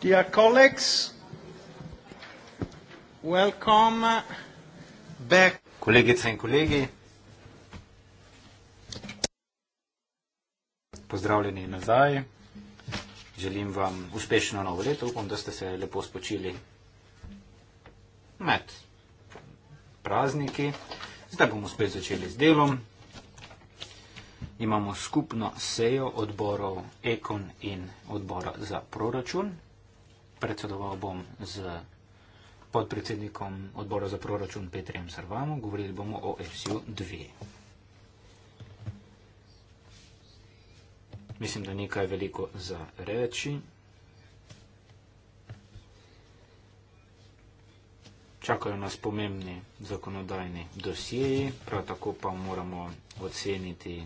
Dear colleagues, welcome back. Kolegice in kolegi, pozdravljeni nazaj. Želim vam uspešno novo leto, upam, da ste se lepo spočili med prazniki. Zdaj bomo spet začeli z delom. Imamo skupno sejo odborov Ekon in odbora za proračun predsedoval bom z podpredsednikom odbora za proračun Petrem Srvamo, govorili bomo o FSU 2. Mislim, da nekaj veliko za reči. Čakajo nas pomembni zakonodajni dosjeji, prav tako pa moramo oceniti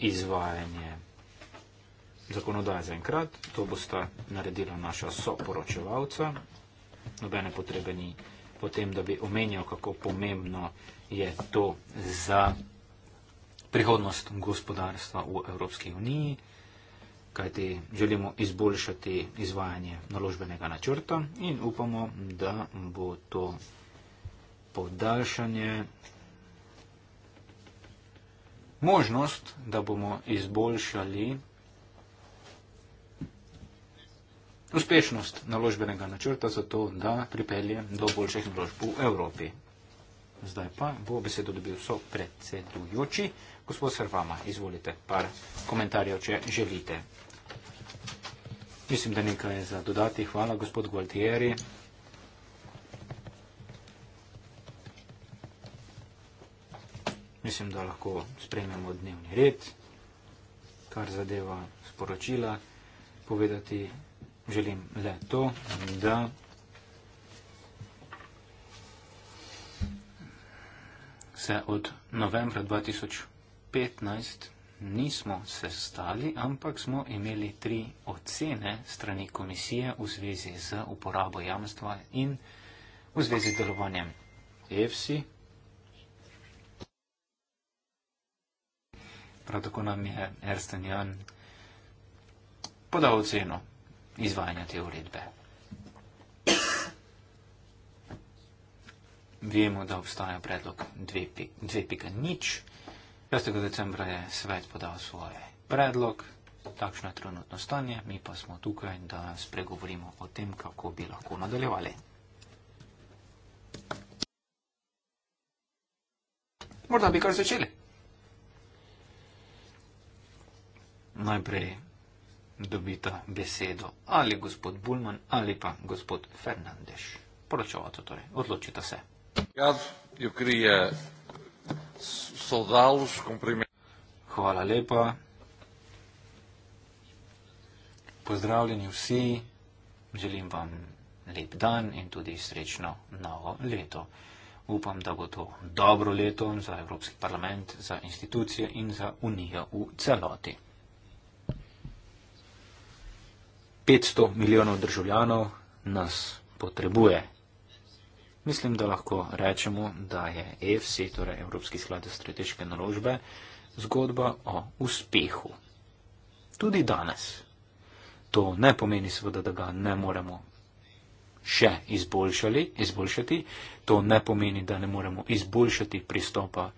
izvajanje vsega zakonodaje za enkrat, to bosta naredila naša soporočevalca. Nobene potrebe ni potem, da bi omenjal, kako pomembno je to za prihodnost gospodarstva v Evropski uniji, kajti želimo izboljšati izvajanje naložbenega načrta in upamo, da bo to podaljšanje možnost, da bomo izboljšali uspešnost naložbenega načrta za to, da pripelje do boljših naložb v Evropi. Zdaj pa bo besedo dobil so predsedujoči. Gospod Srvama, izvolite par komentarjev, če želite. Mislim, da nekaj je za dodati. Hvala, gospod Gualtieri. Mislim, da lahko spremljamo dnevni red, kar zadeva sporočila, povedati želim le to, da se od novembra 2015 nismo sestali, ampak smo imeli tri ocene strani komisije v zvezi z uporabo jamstva in v zvezi z delovanjem EFSI. Prav tako nam je Ersten Jan podal oceno izvajanja te uredbe. Vemo, da obstaja predlog 2.0. 5. decembra je svet podal svoj predlog, takšno je trenutno stanje, mi pa smo tukaj, da spregovorimo o tem, kako bi lahko nadaljevali. Morda bi kar začeli. Najprej dobita besedo ali gospod Bulman ali pa gospod Fernandeš. Poročovate torej, odločite se. Jaz jo krije sodal s komprimerom. Hvala lepa. Pozdravljeni vsi, želim vam lep dan in tudi srečno novo leto. Upam, da bo to dobro leto za Evropski parlament, za institucije in za Unijo v celoti. 500 milijonov državljanov nas potrebuje. Mislim, da lahko rečemo, da je EFC, torej Evropski sklad za strateške naložbe, zgodba o uspehu. Tudi danes. To ne pomeni seveda, da ga ne moremo še izboljšati, to ne pomeni, da ne moremo izboljšati pristopa,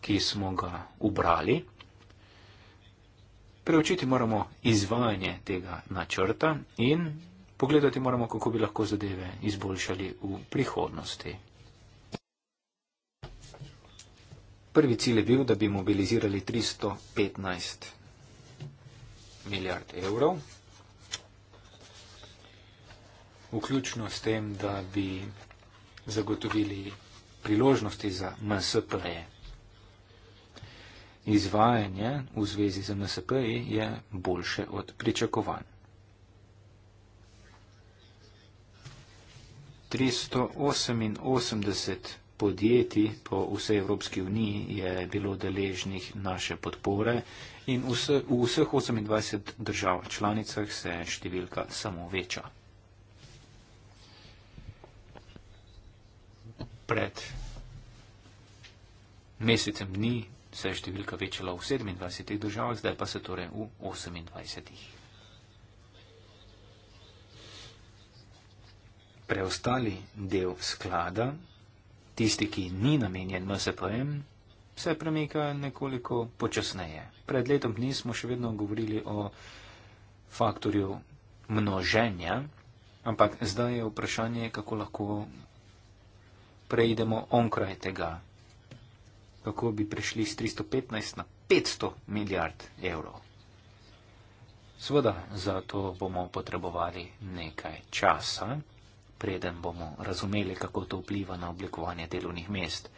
ki smo ga ubrali preučiti moramo izvajanje tega načrta in pogledati moramo, kako bi lahko zadeve izboljšali v prihodnosti. Prvi cilj je bil, da bi mobilizirali 315 milijard evrov, vključno s tem, da bi zagotovili priložnosti za MSP-je izvajanje v zvezi z MSP je boljše od pričakovanj. 388 podjetij po vsej Evropski uniji je bilo deležnih naše podpore in v vseh 28 držav članicah se številka samo veča. Pred mesecem dni se je številka večala v 27 državah, zdaj pa se torej v 28. Preostali del sklada, tisti, ki ni namenjen MSPM, se premika nekoliko počasneje. Pred letom dni smo še vedno govorili o faktorju množenja, ampak zdaj je vprašanje, kako lahko preidemo onkraj tega kako bi prišli z 315 na 500 milijard evrov. Sveda, za to bomo potrebovali nekaj časa, preden bomo razumeli, kako to vpliva na oblikovanje delovnih mest.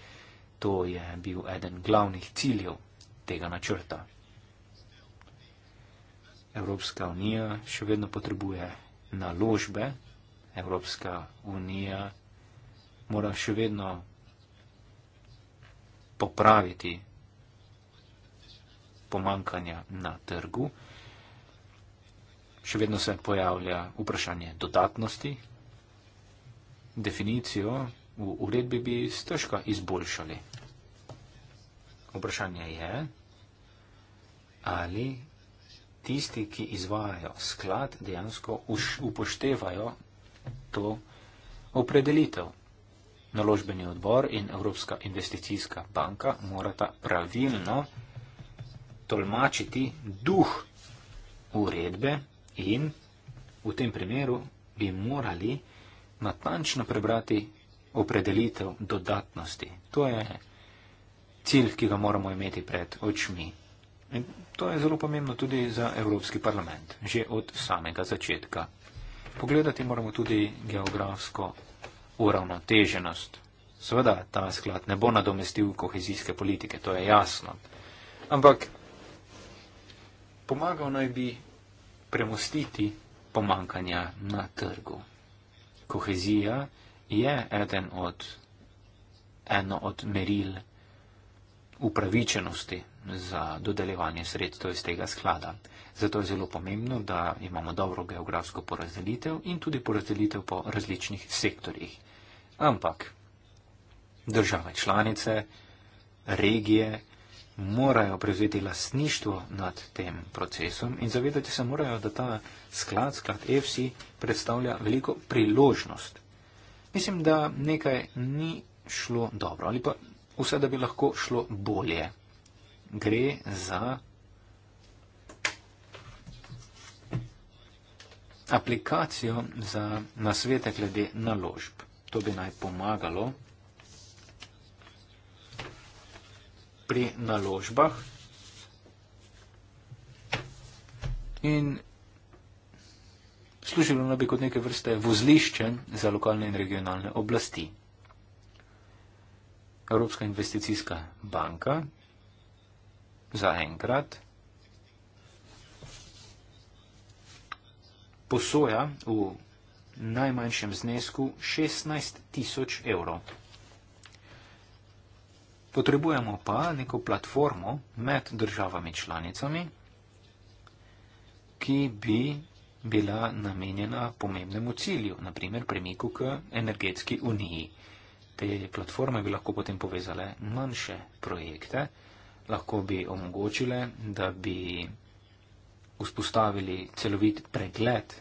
To je bil eden glavnih ciljev tega načrta. Evropska unija še vedno potrebuje naložbe, Evropska unija mora še vedno popraviti pomankanja na trgu. Še vedno se pojavlja vprašanje dodatnosti. Definicijo v uredbi bi stežka izboljšali. Vprašanje je, ali tisti, ki izvajajo sklad, dejansko upoštevajo to opredelitev naložbeni odbor in Evropska investicijska banka morata pravilno tolmačiti duh uredbe in v tem primeru bi morali natančno prebrati opredelitev dodatnosti. To je cilj, ki ga moramo imeti pred očmi. In to je zelo pomembno tudi za Evropski parlament, že od samega začetka. Pogledati moramo tudi geografsko uravnoteženost. Sveda, ta sklad ne bo nadomestil kohezijske politike, to je jasno. Ampak pomagal naj bi premostiti pomankanja na trgu. Kohezija je eden od, eno od meril upravičenosti za dodeljevanje sredstev iz tega sklada. Zato je zelo pomembno, da imamo dobro geografsko porazdelitev in tudi porazdelitev po različnih sektorjih. Ampak države članice, regije morajo prevzeti lasništvo nad tem procesom in zavedati se morajo, da ta sklad, sklad EFSI, predstavlja veliko priložnost. Mislim, da nekaj ni šlo dobro ali pa vse, da bi lahko šlo bolje. Gre za aplikacijo za nasvete glede naložb to bi naj pomagalo pri naložbah. In služilo naj bi kot neke vrste vozlišče za lokalne in regionalne oblasti. Evropska investicijska banka za enkrat posoja v najmanjšem znesku 16 tisoč evrov. Potrebujemo pa neko platformo med državami članicami, ki bi bila namenjena pomembnemu cilju, naprimer premiku k energetski uniji. Te platforme bi lahko potem povezale manjše projekte, lahko bi omogočile, da bi vzpostavili celovit pregled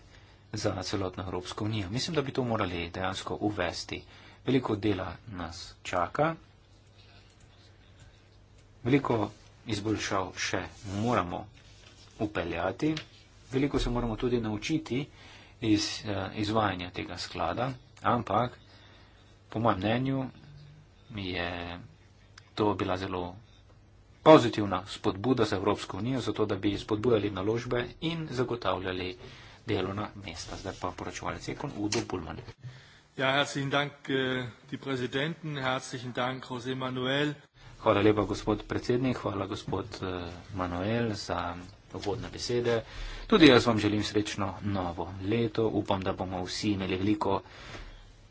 za celotno Evropsko unijo. Mislim, da bi to morali dejansko uvesti. Veliko dela nas čaka, veliko izboljšav še moramo upeljati, veliko se moramo tudi naučiti iz eh, izvajanja tega sklada, ampak po mojem mnenju je to bila zelo pozitivna spodbuda za Evropsko unijo, zato da bi spodbujali naložbe in zagotavljali delovna mesta. Zdaj pa poročevalec Ekon, Udo Pulman. Ja, herzlichen Dank, ti äh, prezidenten, herzlichen Dank, Jose Manuel. Hvala lepa, gospod predsednik, hvala gospod äh, Manuel za uvodne besede. Tudi jaz vam želim srečno novo leto. Upam, da bomo vsi imeli veliko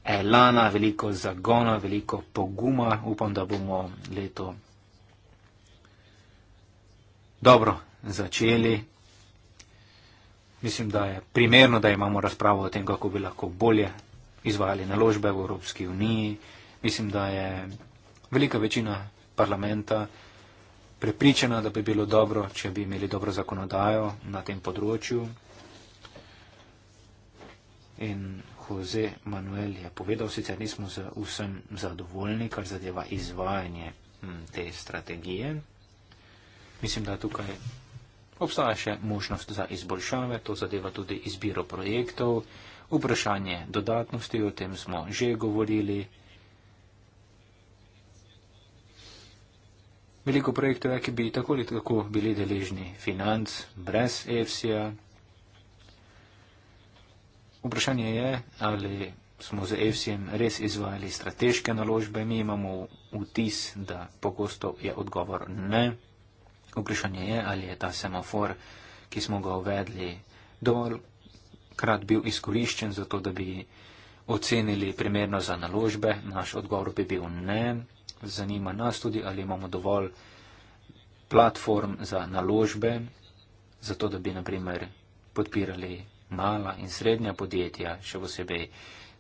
elana, veliko zagona, veliko poguma. Upam, da bomo leto dobro začeli mislim, da je primerno, da imamo razpravo o tem, kako bi lahko bolje izvajali naložbe v Evropski uniji. Mislim, da je velika večina parlamenta prepričana, da bi bilo dobro, če bi imeli dobro zakonodajo na tem področju. In Jose Manuel je povedal, sicer nismo z vsem zadovoljni, kar zadeva izvajanje hm, te strategije. Mislim, da tukaj Obstaja še možnost za izboljšave, to zadeva tudi izbiro projektov, vprašanje dodatnosti, o tem smo že govorili. Veliko projektov je, ki bi tako ali tako bili deležni financ brez EFSI-ja. Vprašanje je, ali smo z EFSI-jem res izvajali strateške naložbe. Mi imamo vtis, da pogosto je odgovor ne. Vprašanje je, ali je ta semafor, ki smo ga uvedli, dovoljkrat bil izkoriščen za to, da bi ocenili primerno za naložbe. Naš odgovor bi bil ne. Zanima nas tudi, ali imamo dovolj platform za naložbe, za to, da bi naprimer podpirali mala in srednja podjetja, še posebej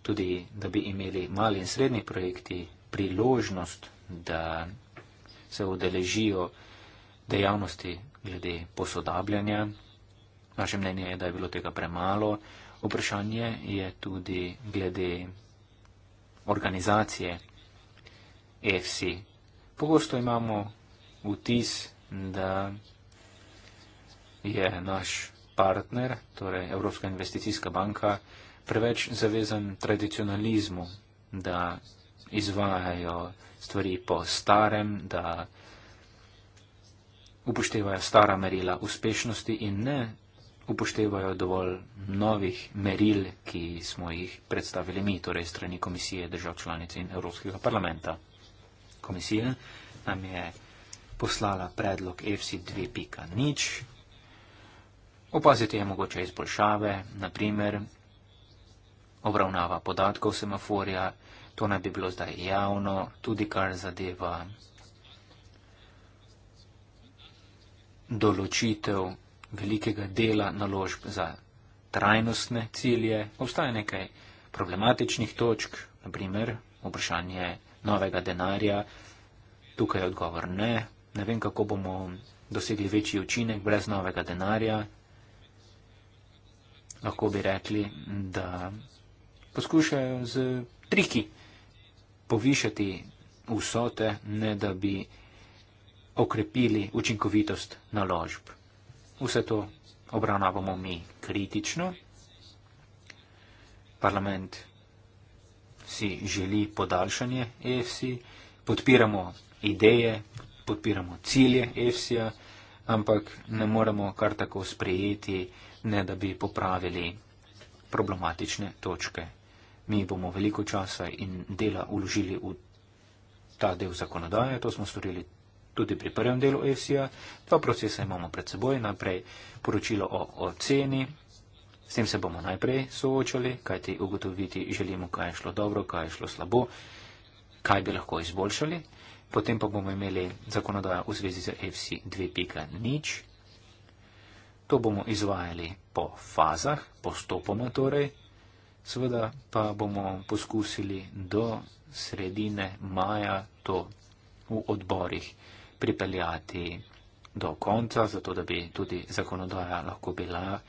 tudi, da bi imeli mali in srednji projekti priložnost, da se udeležijo dejavnosti glede posodabljanja. Naše mnenje je, da je bilo tega premalo. Vprašanje je tudi glede organizacije EFSI. Pogosto imamo vtis, da je naš partner, torej Evropska investicijska banka, preveč zavezan tradicionalizmu, da izvajajo stvari po starem, da upoštevajo stara merila uspešnosti in ne upoštevajo dovolj novih meril, ki smo jih predstavili mi, torej strani Komisije držav članic in Evropskega parlamenta. Komisija nam je poslala predlog FC 2.0. Opaziti je mogoče izboljšave, naprimer obravnava podatkov semaforja, to naj bi bilo zdaj javno, tudi kar zadeva določitev velikega dela naložb za trajnostne cilje, obstaja nekaj problematičnih točk, naprimer vprašanje novega denarja. Tukaj je odgovor ne. Ne vem, kako bomo dosegli večji učinek brez novega denarja. Lahko bi rekli, da poskušajo z triki povišati vsote, ne da bi okrepili učinkovitost naložb. Vse to obravnavamo mi kritično. Parlament si želi podaljšanje EFSI, podpiramo ideje, podpiramo cilje EFSI-ja, ampak ne moremo kar tako sprejeti, ne da bi popravili problematične točke. Mi bomo veliko časa in dela uložili v ta del zakonodaje, to smo storili tudi pri prvem delu ESIA. Dva procesa imamo pred seboj. Najprej poročilo o oceni. S tem se bomo najprej soočali, kajti ugotoviti želimo, kaj je šlo dobro, kaj je šlo slabo, kaj bi lahko izboljšali. Potem pa bomo imeli zakonodajo v zvezi z FC 2.0. To bomo izvajali po fazah, postopoma torej. Seveda pa bomo poskusili do sredine maja to v odborih pripeljati do konca, zato da bi tudi zakonodaja lahko bila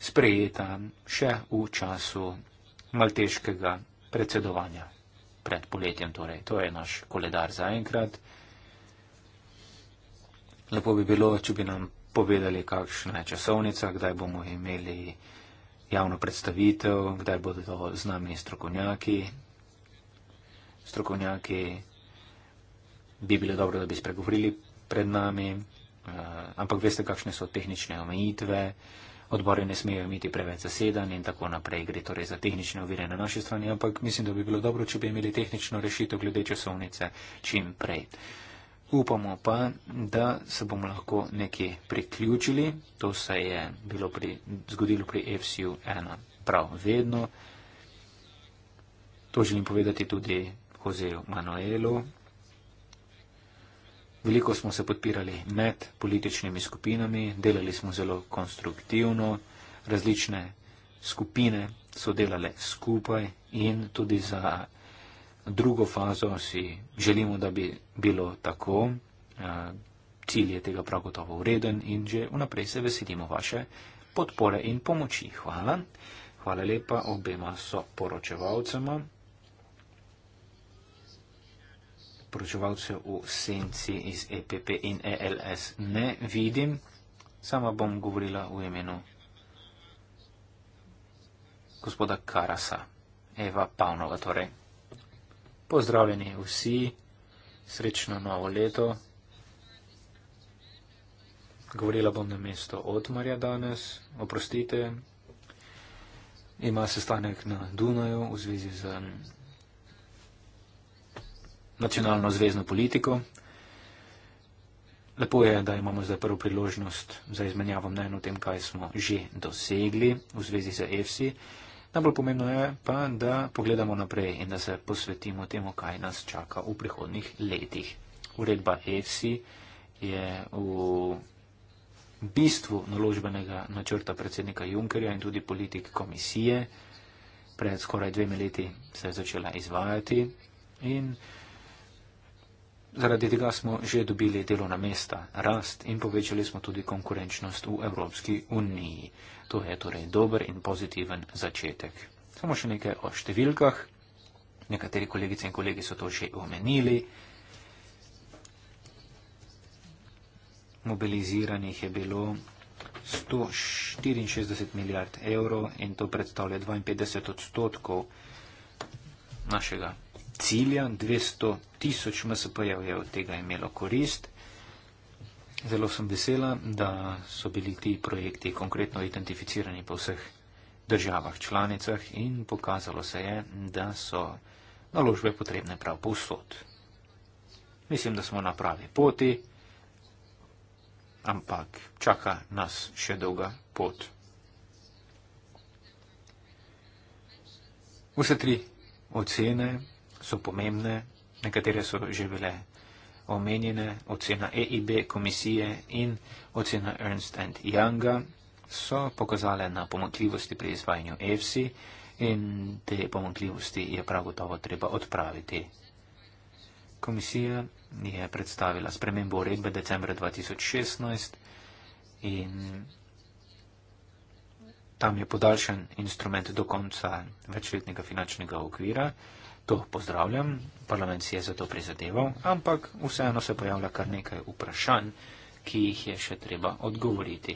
sprejeta še v času malteškega predsedovanja pred poletjem. Torej, to je naš koledar zaenkrat. Lepo bi bilo, če bi nam povedali, kakšna je časovnica, kdaj bomo imeli javno predstavitev, kdaj bodo z nami strokovnjaki. Strokovnjaki bi bilo dobro, da bi spregovorili pred nami, eh, ampak veste, kakšne so tehnične omejitve, odbori ne smejo imeti preveč zasedan in tako naprej. Gre torej za tehnične ovire na naši strani, ampak mislim, da bi bilo dobro, če bi imeli tehnično rešitev glede časovnice čim prej. Upamo pa, da se bomo lahko nekje priključili. To se je bilo pri, zgodilo pri FCU 1 prav vedno. To želim povedati tudi Hoseju Manuelu, Veliko smo se podpirali med političnimi skupinami, delali smo zelo konstruktivno, različne skupine so delale skupaj in tudi za drugo fazo si želimo, da bi bilo tako. Cilj je tega prav gotovo ureden in že vnaprej se veselimo vaše podpore in pomoči. Hvala. Hvala lepa obema soporočevalcema. poročevalcev v senci iz EPP in ELS ne vidim. Sama bom govorila v imenu gospoda Karasa, Eva Pavnova torej. Pozdravljeni vsi, srečno novo leto. Govorila bom na mesto Otmarja danes, oprostite. Ima sestanek na Dunaju v zvezi z nacionalno zvezdno politiko. Lepo je, da imamo zdaj prvo priložnost za izmenjavo mnen o tem, kaj smo že dosegli v zvezi z EFSI. Najbolj pomembno je pa, da pogledamo naprej in da se posvetimo temu, kaj nas čaka v prihodnih letih. Uredba EFSI je v bistvu naložbenega načrta predsednika Junckerja in tudi politik komisije. Pred skoraj dvemi leti se je začela izvajati in Zaradi tega smo že dobili delovna mesta, rast in povečali smo tudi konkurenčnost v Evropski uniji. To je torej dober in pozitiven začetek. Samo še nekaj o številkah. Nekateri kolegice in kolegi so to že omenili. Mobiliziranih je bilo 164 milijard evrov in to predstavlja 52 odstotkov našega cilja, 200 tisoč MSP je od tega imelo korist. Zelo sem vesela, da so bili ti projekti konkretno identificirani po vseh državah članicah in pokazalo se je, da so naložbe potrebne prav povsod. Mislim, da smo na pravi poti, ampak čaka nas še dolga pot. Vse tri ocene so pomembne, nekatere so že bile omenjene, ocena EIB komisije in ocena Ernst Younga so pokazale na pomotljivosti pri izvajanju EFSI in te pomotljivosti je prav gotovo treba odpraviti. Komisija je predstavila spremembo uredbe decembra 2016 in tam je podaljšan instrument do konca večletnega finančnega okvira. To pozdravljam, parlament si je za to prizadeval, ampak vseeno se pojavlja kar nekaj vprašanj, ki jih je še treba odgovoriti.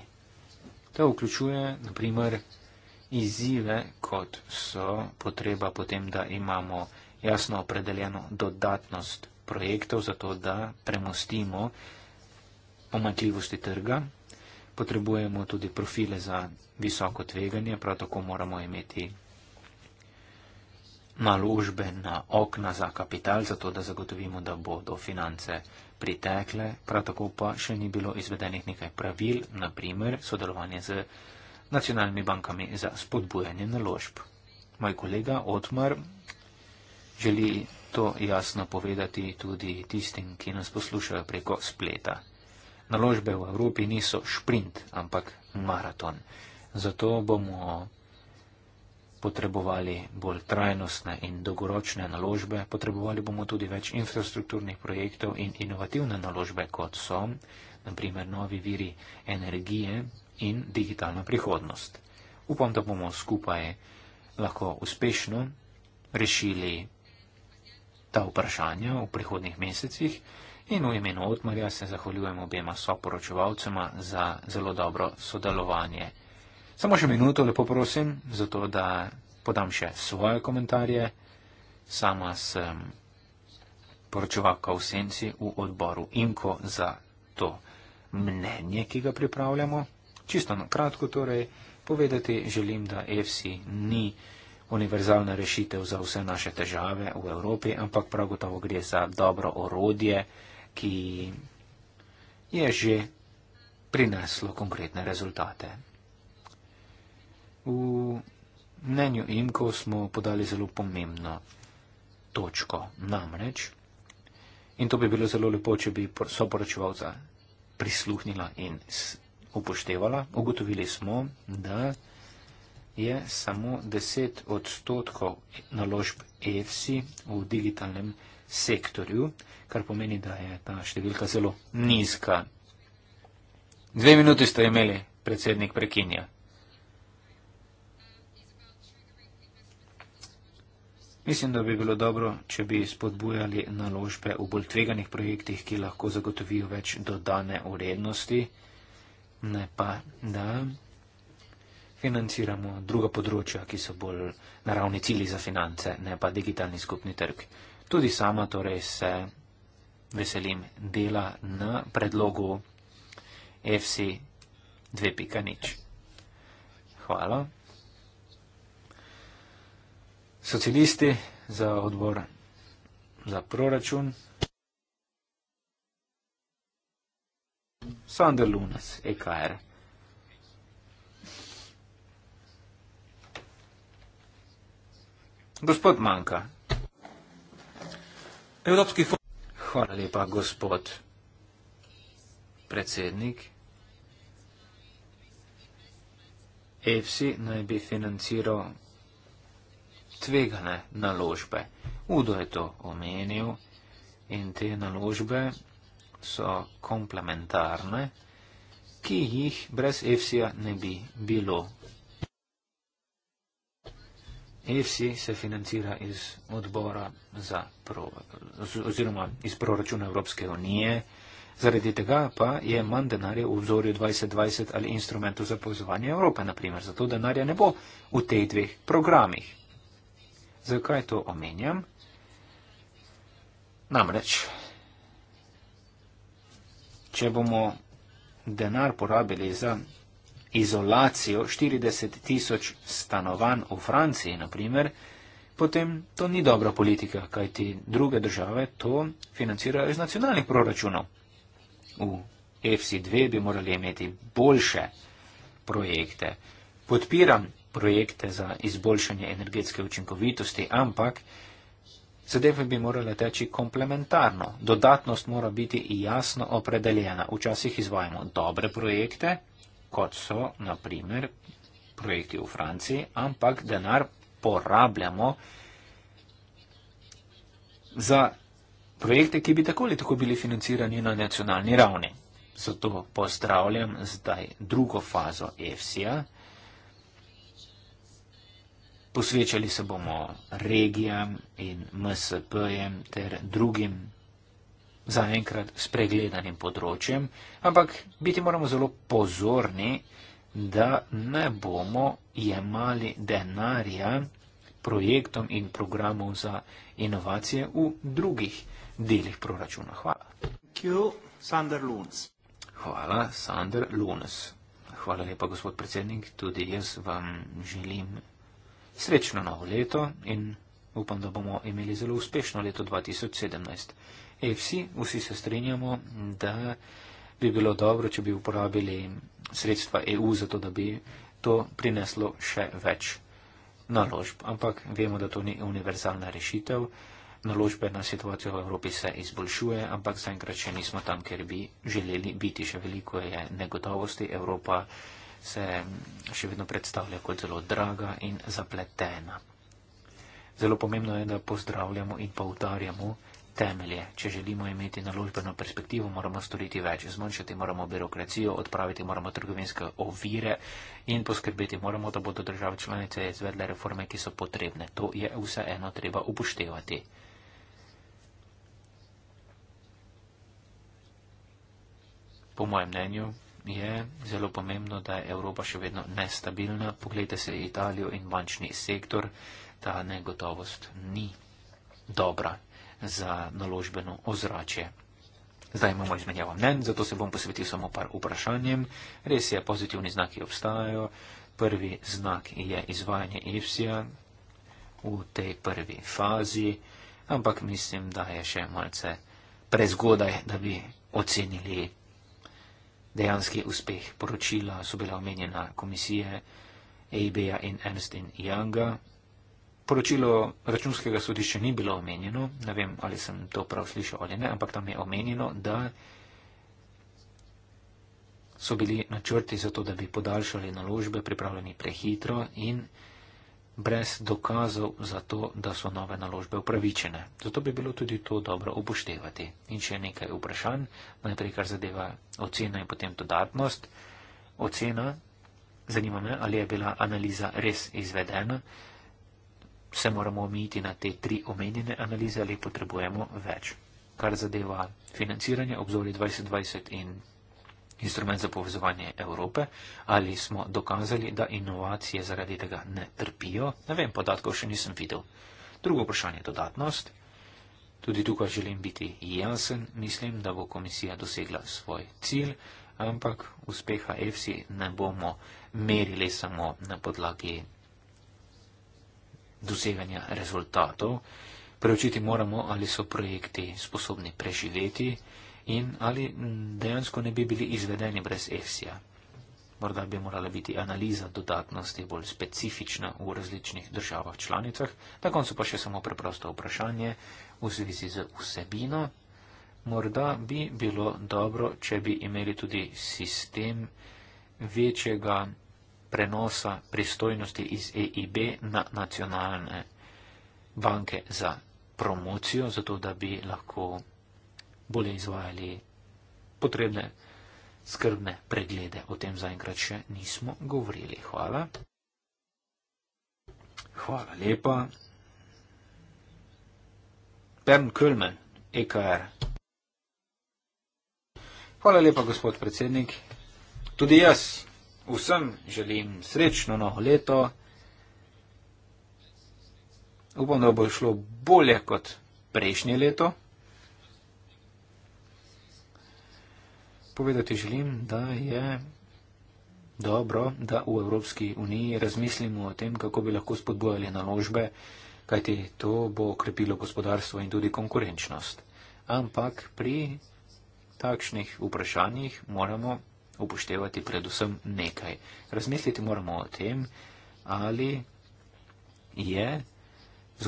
To vključuje, na primer, izzive, kot so potreba potem, da imamo jasno opredeljeno dodatnost projektov, zato da premostimo omakljivosti trga. Potrebujemo tudi profile za visoko tveganje, prav tako moramo imeti malo užbe na okna za kapital, zato da zagotovimo, da bodo finance pritekle. Prav tako pa še ni bilo izvedenih nekaj pravil, naprimer sodelovanje z nacionalnimi bankami za spodbujanje naložb. Moj kolega Otmar želi to jasno povedati tudi tistim, ki nas poslušajo preko spleta. Naložbe v Evropi niso šprint, ampak maraton. Zato bomo potrebovali bolj trajnostne in dolgoročne naložbe, potrebovali bomo tudi več infrastrukturnih projektov in inovativne naložbe, kot so naprimer novi viri energije in digitalna prihodnost. Upam, da bomo skupaj lahko uspešno rešili ta vprašanja v prihodnih mesecih in v imenu Otmarja se zahvaljujem obema soporočevalcema za zelo dobro sodelovanje. Samo še minuto, lepo prosim, zato da podam še svoje komentarje. Sama sem poročevalka v senci v odboru Inko za to mnenje, ki ga pripravljamo. Čisto na kratko torej povedati želim, da EFC ni univerzalna rešitev za vse naše težave v Evropi, ampak prav gotovo gre za dobro orodje, ki je že prineslo konkretne rezultate. V mnenju Inko smo podali zelo pomembno točko, namreč, in to bi bilo zelo lepo, če bi soporočevalca prisluhnila in upoštevala, ugotovili smo, da je samo 10 odstotkov naložb EFSI v digitalnem sektorju, kar pomeni, da je ta številka zelo nizka. Dve minuti ste imeli, predsednik prekinja. Mislim, da bi bilo dobro, če bi spodbujali naložbe v bolj tveganih projektih, ki lahko zagotovijo več dodane vrednosti, ne pa da financiramo druga področja, ki so bolj naravni cilji za finance, ne pa digitalni skupni trg. Tudi sama torej se veselim dela na predlogu FC 2.0. Hvala socialisti za odbor za proračun. Sander Lunas, EKR. Gospod Manka. Evropski fond. Hvala lepa, gospod predsednik. EFSI naj bi financiral tvegane naložbe. Udo je to omenil in te naložbe so komplementarne, ki jih brez EFSI-ja ne bi bilo. EFSI se financira iz odbora za pro, oziroma iz proračuna Evropske unije, zaradi tega pa je manj denarja v vzorju 2020 ali instrumentu za povezovanje Evrope, naprimer, zato denarja ne bo v teh dveh programih. Zakaj to omenjam? Namreč, če bomo denar porabili za izolacijo 40 tisoč stanovanj v Franciji, naprimer, potem to ni dobra politika, kajti druge države to financirajo iz nacionalnih proračunov. V FC2 bi morali imeti boljše projekte. Podpiram projekte za izboljšanje energetske učinkovitosti, ampak zadeve bi morale teči komplementarno. Dodatnost mora biti jasno opredeljena. Včasih izvajamo dobre projekte, kot so naprimer projekti v Franciji, ampak denar porabljamo za projekte, ki bi tako ali tako bili financirani na nacionalni ravni. Zato pozdravljam zdaj drugo fazo EFSI-a. Posvečali se bomo regijam in MSP-jem ter drugim zaenkrat spregledanim področjem, ampak biti moramo zelo pozorni, da ne bomo jemali denarja projektom in programom za inovacije v drugih delih proračuna. Hvala. Hvala, Sander Lunes. Hvala lepa, gospod predsednik. Tudi jaz vam želim. Srečno novo leto in upam, da bomo imeli zelo uspešno leto 2017. EFSI, vsi se strinjamo, da bi bilo dobro, če bi uporabili sredstva EU za to, da bi to prineslo še več naložb. Ampak vemo, da to ni univerzalna rešitev. Naložbe na situacijo v Evropi se izboljšuje, ampak zaenkrat še nismo tam, kjer bi želeli biti. Še veliko je negotovosti. Evropa se še vedno predstavlja kot zelo draga in zapletena. Zelo pomembno je, da pozdravljamo in poudarjamo temelje. Če želimo imeti naložbeno perspektivo, moramo storiti več. Zmanjšati moramo birokracijo, odpraviti moramo trgovinske ovire in poskrbeti moramo, da bodo države članice izvedle reforme, ki so potrebne. To je vseeno treba upoštevati. Po mojem mnenju, je zelo pomembno, da je Evropa še vedno nestabilna. Poglejte se Italijo in bančni sektor. Ta negotovost ni dobra za naložbeno ozračje. Zdaj imamo izmenjavo mnen, zato se bom posvetil samo par vprašanjem. Res je, pozitivni znaki obstajajo. Prvi znak je izvajanje EFSI-ja v tej prvi fazi, ampak mislim, da je še malce prezgodaj, da bi ocenili dejanski uspeh poročila so bila omenjena komisije Eibeja in Ernst in Younga. Poročilo računskega sodišča ni bilo omenjeno, ne vem, ali sem to prav slišal ali ne, ampak tam je omenjeno, da so bili načrti za to, da bi podaljšali naložbe pripravljeni prehitro in brez dokazov za to, da so nove naložbe upravičene. Zato bi bilo tudi to dobro upoštevati. In še nekaj vprašanj, najprej kar zadeva ocena in potem dodatnost. Ocena, zanima me, ali je bila analiza res izvedena, se moramo omejiti na te tri omenjene analize ali potrebujemo več. Kar zadeva financiranje obzori 2020 in instrument za povezovanje Evrope, ali smo dokazali, da inovacije zaradi tega ne trpijo, ne vem, podatkov še nisem videl. Drugo vprašanje je dodatnost. Tudi tukaj želim biti jasen, mislim, da bo komisija dosegla svoj cilj, ampak uspeha EFSI ne bomo merili samo na podlagi doseganja rezultatov. Preučiti moramo, ali so projekti sposobni preživeti, in ali dejansko ne bi bili izvedeni brez Esija. Morda bi morala biti analiza dodatnosti bolj specifična v različnih državah članicah, na koncu pa še samo preprosto vprašanje v zvezi z vsebino. Morda bi bilo dobro, če bi imeli tudi sistem večjega prenosa pristojnosti iz EIB na nacionalne banke za promocijo, zato da bi lahko bolje izvajali potrebne skrbne preglede. O tem zaenkrat še nismo govorili. Hvala. Hvala lepa. Bern Kölmen, EKR. Hvala lepa, gospod predsednik. Tudi jaz vsem želim srečno novo leto. Upam, da bo šlo bolje kot prejšnje leto. povedati želim, da je dobro, da v Evropski uniji razmislimo o tem, kako bi lahko spodbojali naložbe, kajti to bo okrepilo gospodarstvo in tudi konkurenčnost. Ampak pri takšnih vprašanjih moramo upoštevati predvsem nekaj. Razmisliti moramo o tem, ali je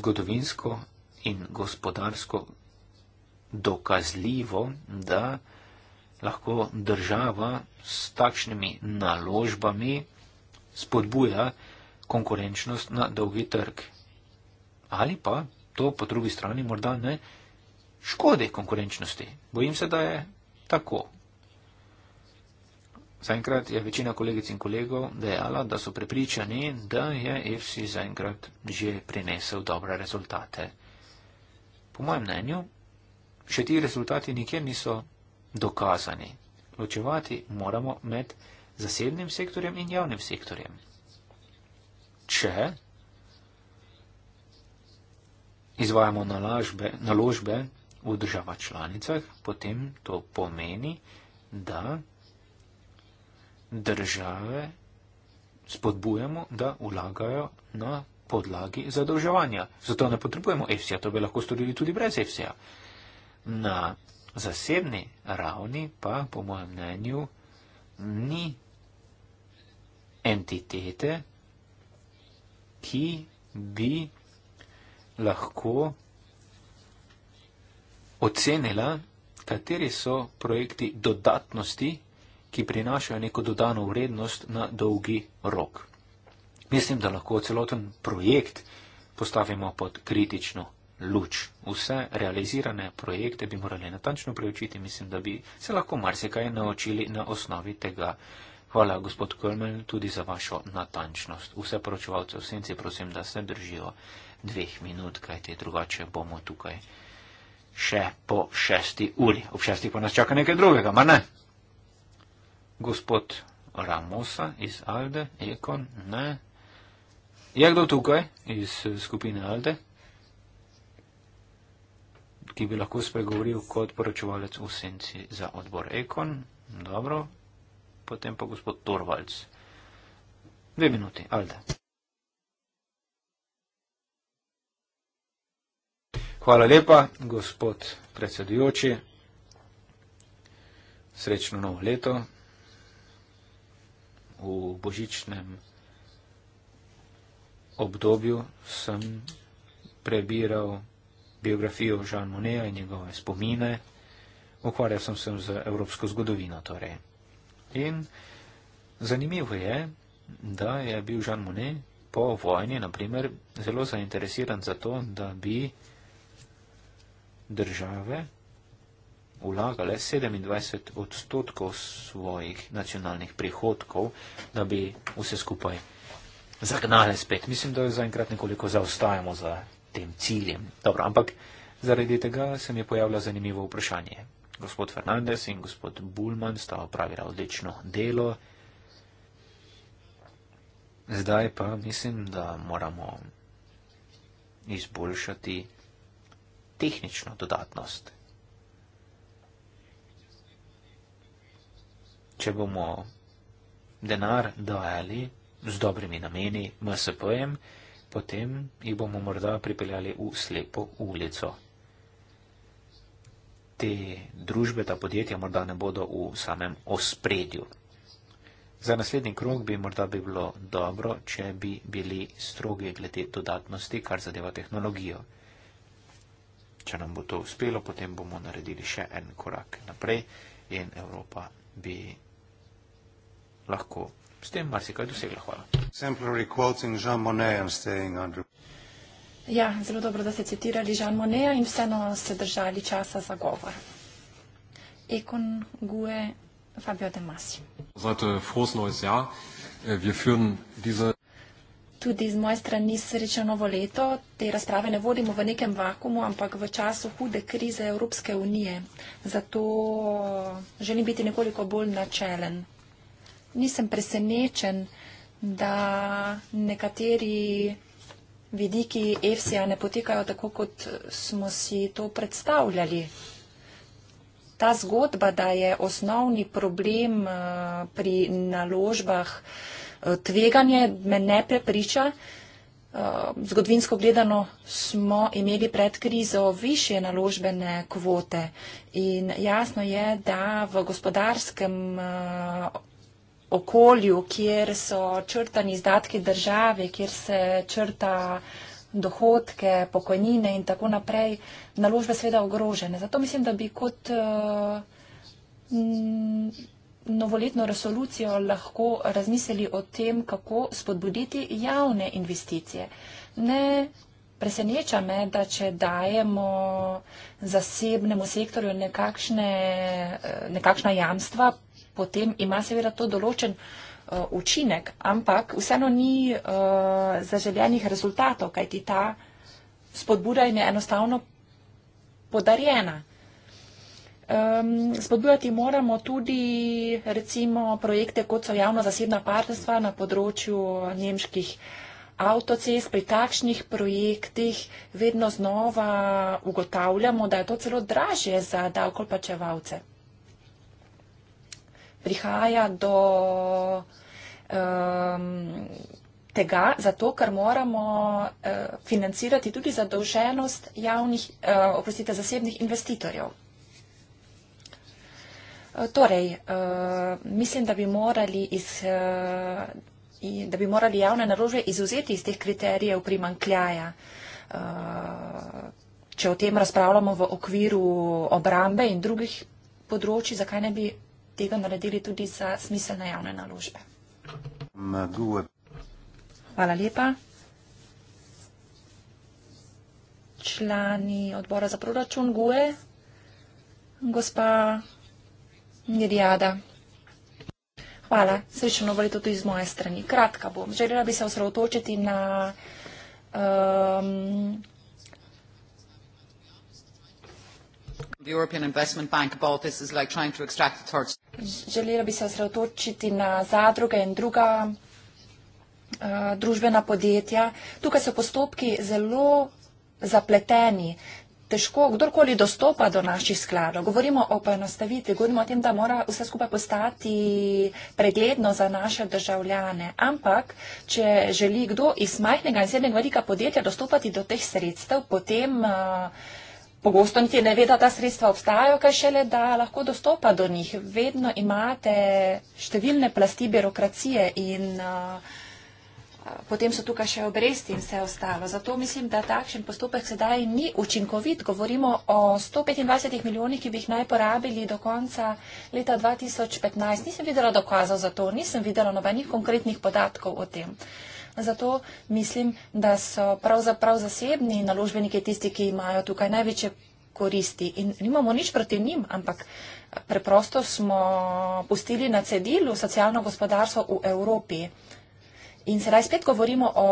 zgodovinsko in gospodarsko dokazljivo, da lahko država s takšnimi naložbami spodbuja konkurenčnost na dolgi trg. Ali pa to po drugi strani morda ne škode konkurenčnosti. Bojim se, da je tako. Zaenkrat je večina kolegic in kolegov dejala, da so prepričani, da je EFSI zaenkrat že prinesel dobre rezultate. Po mojem mnenju, še ti rezultati nikjer niso dokazani. Ločevati moramo med zasebnim sektorjem in javnim sektorjem. Če izvajamo nalažbe, naložbe v država članicah, potem to pomeni, da države spodbujamo, da vlagajo na podlagi zadolževanja. Zato ne potrebujemo EFSI-ja, to bi lahko storili tudi brez EFSI-ja. Na zasebni ravni pa, po mojem mnenju, ni entitete, ki bi lahko ocenila, kateri so projekti dodatnosti, ki prinašajo neko dodano vrednost na dolgi rok. Mislim, da lahko celoten projekt postavimo pod kritično luč. Vse realizirane projekte bi morali natančno preučiti, mislim, da bi se lahko marsikaj naučili na osnovi tega. Hvala, gospod Kölmel, tudi za vašo natančnost. Vse poročevalce v senci prosim, da se držijo dveh minut, kajte drugače bomo tukaj še po šesti uri. Ob šesti pa nas čaka nekaj drugega, ma ne? Gospod Ramosa iz Alde, Ekon, ne? Je kdo tukaj iz skupine Alde? ki bi lahko spregovoril kot poročevalec v senci za odbor Ekon. Dobro, potem pa gospod Torvalc. Dve minuti, Alde. Hvala lepa, gospod predsedujoči. Srečno novo leto v božičnem obdobju sem prebiral biografijo Žan Moneja in njegove spomine, ukvarjal sem se z evropsko zgodovino torej. In zanimivo je, da je bil Žan Monej po vojni, naprimer, zelo zainteresiran za to, da bi države vlagale 27 odstotkov svojih nacionalnih prihodkov, da bi vse skupaj zagnale spet. Mislim, da zaenkrat nekoliko zaostajamo za tem ciljem. Dobro, ampak zaradi tega se mi je pojavljalo zanimivo vprašanje. Gospod Fernandez in gospod Bulman sta opravila odlično delo. Zdaj pa mislim, da moramo izboljšati tehnično dodatnost. Če bomo denar dajali z dobrimi nameni MSP-jem, potem jih bomo morda pripeljali v slepo ulico. Te družbe, ta podjetja morda ne bodo v samem ospredju. Za naslednji krok bi morda bi bilo dobro, če bi bili strogi glede dodatnosti, kar zadeva tehnologijo. Če nam bo to uspelo, potem bomo naredili še en korak naprej in Evropa bi lahko s tem marsikaj dosegla. Hvala. Ja, zelo dobro, da ste citirali Jean Moneja in vseeno ste držali časa za govor. Ekon Gue, Fabio De Masi. Äh, Tudi z moje strani srečno novo leto. Te razprave ne vodimo v nekem vakumu, ampak v času hude krize Evropske unije. Zato želim biti nekoliko bolj načelen nisem presenečen, da nekateri vidiki EFSI-ja ne potekajo tako, kot smo si to predstavljali. Ta zgodba, da je osnovni problem eh, pri naložbah eh, tveganje, me ne prepriča. Eh, zgodovinsko gledano smo imeli pred krizo više naložbene kvote in jasno je, da v gospodarskem okolju, kjer so črtani izdatki države, kjer se črta dohodke, pokojnine in tako naprej, naložbe seveda ogrožene. Zato mislim, da bi kot eh, novoletno resolucijo lahko razmislili o tem, kako spodbuditi javne investicije. Ne preseneča me, da če dajemo zasebnemu sektorju nekakšne, eh, nekakšna jamstva, potem ima seveda to določen eh, učinek, ampak vseeno ni eh, zaželjenih rezultatov, kajti ta spodbuda je enostavno podarjena. Um, spodbujati moramo tudi recimo projekte, kot so javno-zasebna partnerstva na področju nemških avtocest. Pri takšnih projektih vedno znova ugotavljamo, da je to celo dražje za davkoplačevalce prihaja do um, tega, zato ker moramo uh, financirati tudi zadolženost javnih, uh, oprostite, zasebnih investitorjev. Eh, torej, mislim, da bi, iz, da bi morali javne naložbe izuzeti iz teh kriterijev primankljaja, če o tem razpravljamo v okviru obrambe in drugih področji, zakaj ne bi tega naredili tudi za smiselne javne naložbe. Hvala lepa. Člani odbora za proračun GUE, gospa Mirjada. Hvala, srečno bo leto tudi z moje strani. Kratka bom. Želela bi se osredotočiti na. Um, The European Investment Bank about this is like trying to extract the third. Želela bi se osredotočiti na zadruge in druga eh, družbena podjetja. Tukaj so postopki zelo zapleteni. Težko kdorkoli dostopa do naših skladov. Govorimo o poenostavitvi, govorimo o tem, da mora vse skupaj postati pregledno za naše državljane. Ampak, če želi kdo iz majhnega in srednjega velika podjetja dostopati do teh sredstev, potem uh, pogosto niti ne ve, da ta sredstva obstajajo, kaj šele, da lahko dostopa do njih. Vedno imate številne plasti birokracije in Potem so tukaj še obresti in vse ostalo. Zato mislim, da takšen postopek sedaj ni učinkovit. Govorimo o 125 milijonih, ki bi jih naj porabili do konca leta 2015. Nisem videla dokazov za to, nisem videla nobenih konkretnih podatkov o tem. Zato mislim, da so pravzaprav zasebni naložbeniki tisti, ki imajo tukaj največje koristi. In nimamo nič proti njim, ampak preprosto smo pustili na cedilu socialno gospodarstvo v Evropi. In sedaj spet govorimo o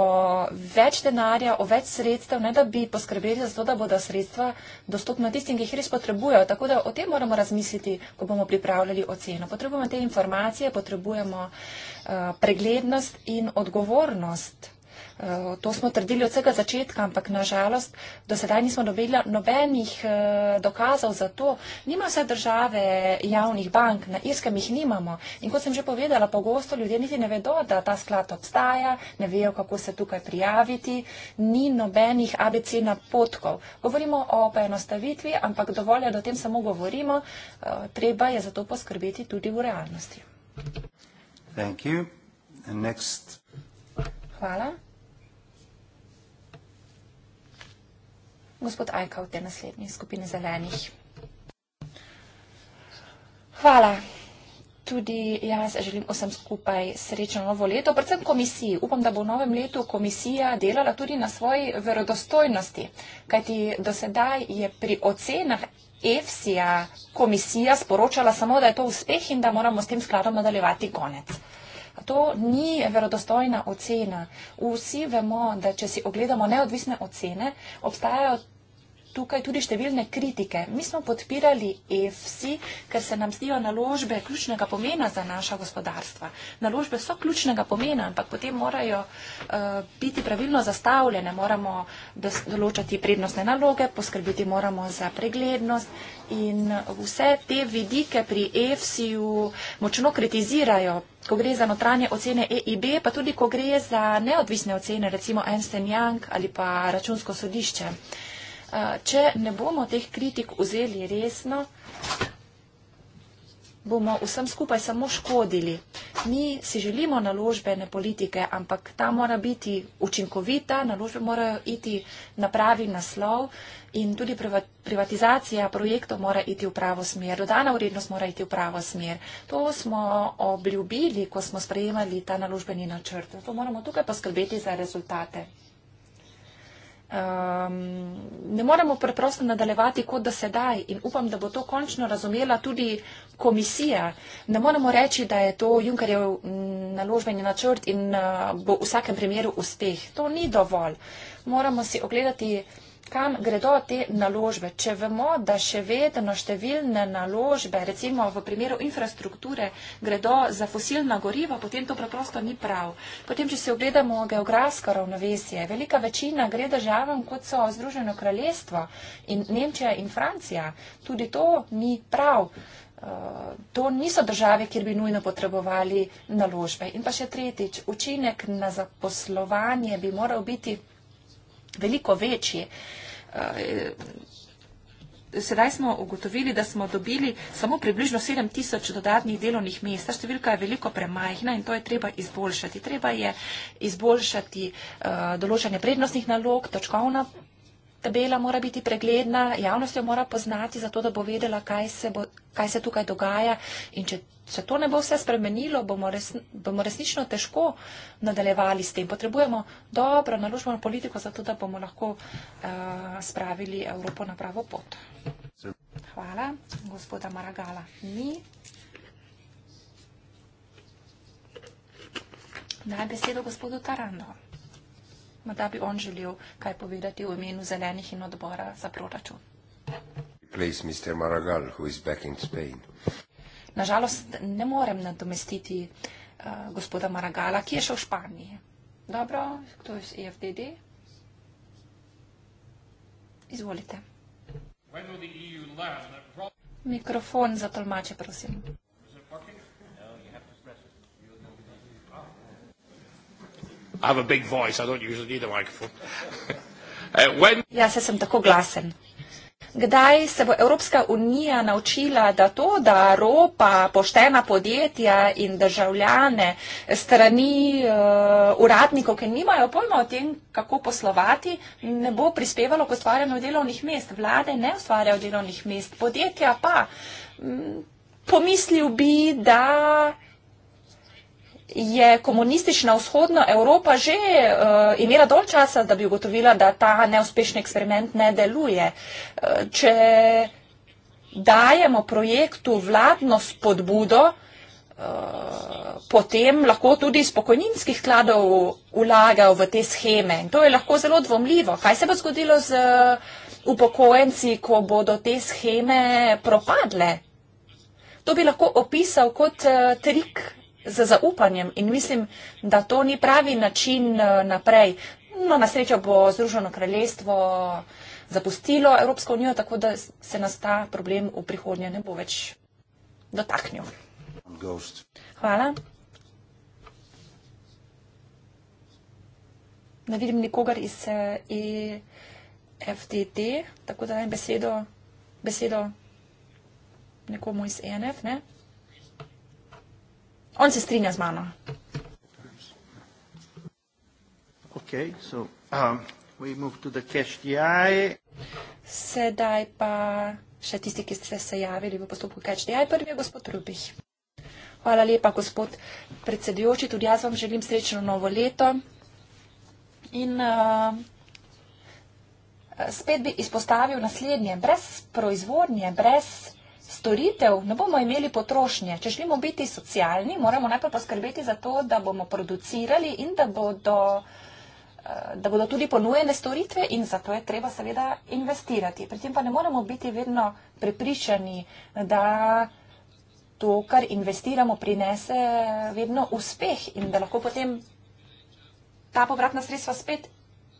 več denarja, o več sredstev, ne da bi poskrbeli za to, da bodo sredstva dostopna tistim, ki jih res potrebujejo. Tako da o tem moramo razmisliti, ko bomo pripravljali oceno. Potrebujemo te informacije, potrebujemo uh, preglednost in odgovornost. Eh, to smo trdili od vsega začetka, ampak nažalost do sedaj nismo dobili nobenih eh, dokazov za to. Nima vse države javnih bank, na Irskem jih nimamo. In kot sem že povedala, pogosto ljudje niti ne vedo, da ta sklad obstaja, ne vejo, kako se tukaj prijaviti, ni nobenih ABC napotkov. Govorimo o poenostavitvi, ampak dovolj, da o tem samo govorimo, eh, treba je za to poskrbeti tudi v realnosti. Hvala. Gospod Ajka v tej naslednji skupini zelenih. Hvala. Tudi jaz želim vsem skupaj srečno novo leto, predvsem komisiji. Upam, da bo v novem letu komisija delala tudi na svoji verodostojnosti, kajti do sedaj je pri ocenah EFSI-ja komisija sporočala samo, da je to uspeh in da moramo s tem skladom nadaljevati konec. To ni verodostojna ocena. Vsi vemo, da če si ogledamo neodvisne ocene, obstajajo tukaj tudi številne kritike. Mi smo podpirali EFSI, ker se nam zdijo naložbe ključnega pomena za naša gospodarstva. Naložbe so ključnega pomena, ampak potem morajo uh, biti pravilno zastavljene. Moramo določati prednostne naloge, poskrbiti moramo za preglednost in vse te vidike pri EFSI-ju močno kritizirajo. Ko gre za notranje ocene EIB, pa tudi ko gre za neodvisne ocene, recimo Ernst Young ali pa računsko sodišče. Uh, če ne bomo teh kritik vzeli resno, bomo vsem skupaj samo škodili. Mi si želimo naložbene politike, ampak ta mora biti učinkovita, naložbe morajo iti na pravi naslov in tudi privatizacija projektov mora iti v pravo smer, dodana vrednost mora iti v pravo smer. To smo obljubili, ko smo sprejemali ta naložbeni načrt. To moramo tukaj poskrbeti za rezultate um, ne moremo preprosto nadaljevati kot da sedaj in upam, da bo to končno razumela tudi komisija. Ne moremo reči, da je to Junkerjev mm, naložbeni načrt in uh, bo v vsakem primeru uspeh. To ni dovolj. Moramo si ogledati kam gredo te naložbe. Če vemo, da še vedno številne naložbe, recimo v primeru infrastrukture, gredo za fosilna goriva, potem to preprosto ni prav. Potem, če se ogledamo geografsko ravnovesje, velika večina gre državam, kot so Združeno kraljestvo in Nemčija in Francija. Tudi to ni prav. Eh, to niso države, kjer bi nujno potrebovali naložbe. In pa še tretjič, učinek na zaposlovanje bi moral biti veliko večji. Eh, sedaj smo ugotovili, da smo dobili samo približno 7 tisoč dodatnih delovnih mest. Ta številka je veliko premajhna in to je treba izboljšati. Treba je izboljšati uh, določanje prednostnih nalog, točkovna tabela mora biti pregledna, javnost jo mora poznati, zato da bo vedela, kaj se, bo, kaj se tukaj dogaja. In če se to ne bo vse spremenilo, bomo, res, bomo resnično težko nadaljevali s tem. Potrebujemo dobro naložbeno politiko, zato da bomo lahko uh, spravili Evropo na pravo pot. Hvala, gospoda Maragala. Ni. Naj besedo gospodu Tarandovu morda bi on želel kaj povedati v imenu zelenih in odbora za proračun. Please, Mr. Maragall, who is back in Spain. Nažalost, ne morem nadomestiti uh, gospoda Maragala, ki je šel v Španiji. Dobro, kdo je iz EFDD? Izvolite. E Mikrofon za tolmače, prosim. I have a big voice, I don't usually need a microphone. uh, when... Ja, se sem tako glasen. Kdaj se bo Evropska unija naučila, da to, da ropa poštena podjetja in državljane strani uh, uradnikov, ki nimajo pojma o tem, kako poslovati, ne bo prispevalo k ustvarjanju delovnih mest? Vlade ne ustvarjajo delovnih mest, podjetja pa. Mm, pomislil bi, da je komunistična vzhodna Evropa že uh, imela dol časa, da bi ugotovila, da ta neuspešni eksperiment ne deluje. Uh, če dajemo projektu vladno spodbudo, uh, potem lahko tudi iz pokojninskih skladov vlagajo v te scheme. In to je lahko zelo dvomljivo. Kaj se bo zgodilo z upokojenci, ko bodo te scheme propadle? To bi lahko opisal kot uh, trik z zaupanjem in mislim, da to ni pravi način eh, naprej. No, na srečo bo Združeno kraljestvo zapustilo Evropsko unijo, tako da se nas ta problem v prihodnje ne bo več dotaknil. Hvala. Ne vidim nikogar iz EFTT, eh, e tako da dajem besedo, besedo nekomu iz ENF. Ne? On se strinja z mano. Okay, so, um, Sedaj pa še tisti, ki ste se javili v postopku catch-the-eye. Prvi je gospod Rubih. Hvala lepa, gospod predsedujoči. Tudi jaz vam želim srečno novo leto. In uh, spet bi izpostavil naslednje. Brez proizvodnje, brez storitev, ne bomo imeli potrošnje. Če želimo biti socialni, moramo najprej poskrbeti za to, da bomo producirali in da bodo, eh, da bodo tudi ponujene storitve in zato je treba seveda investirati. Pri tem pa ne moremo biti vedno prepričani, da to, kar investiramo, prinese vedno uspeh in da lahko potem ta povratna sredstva spet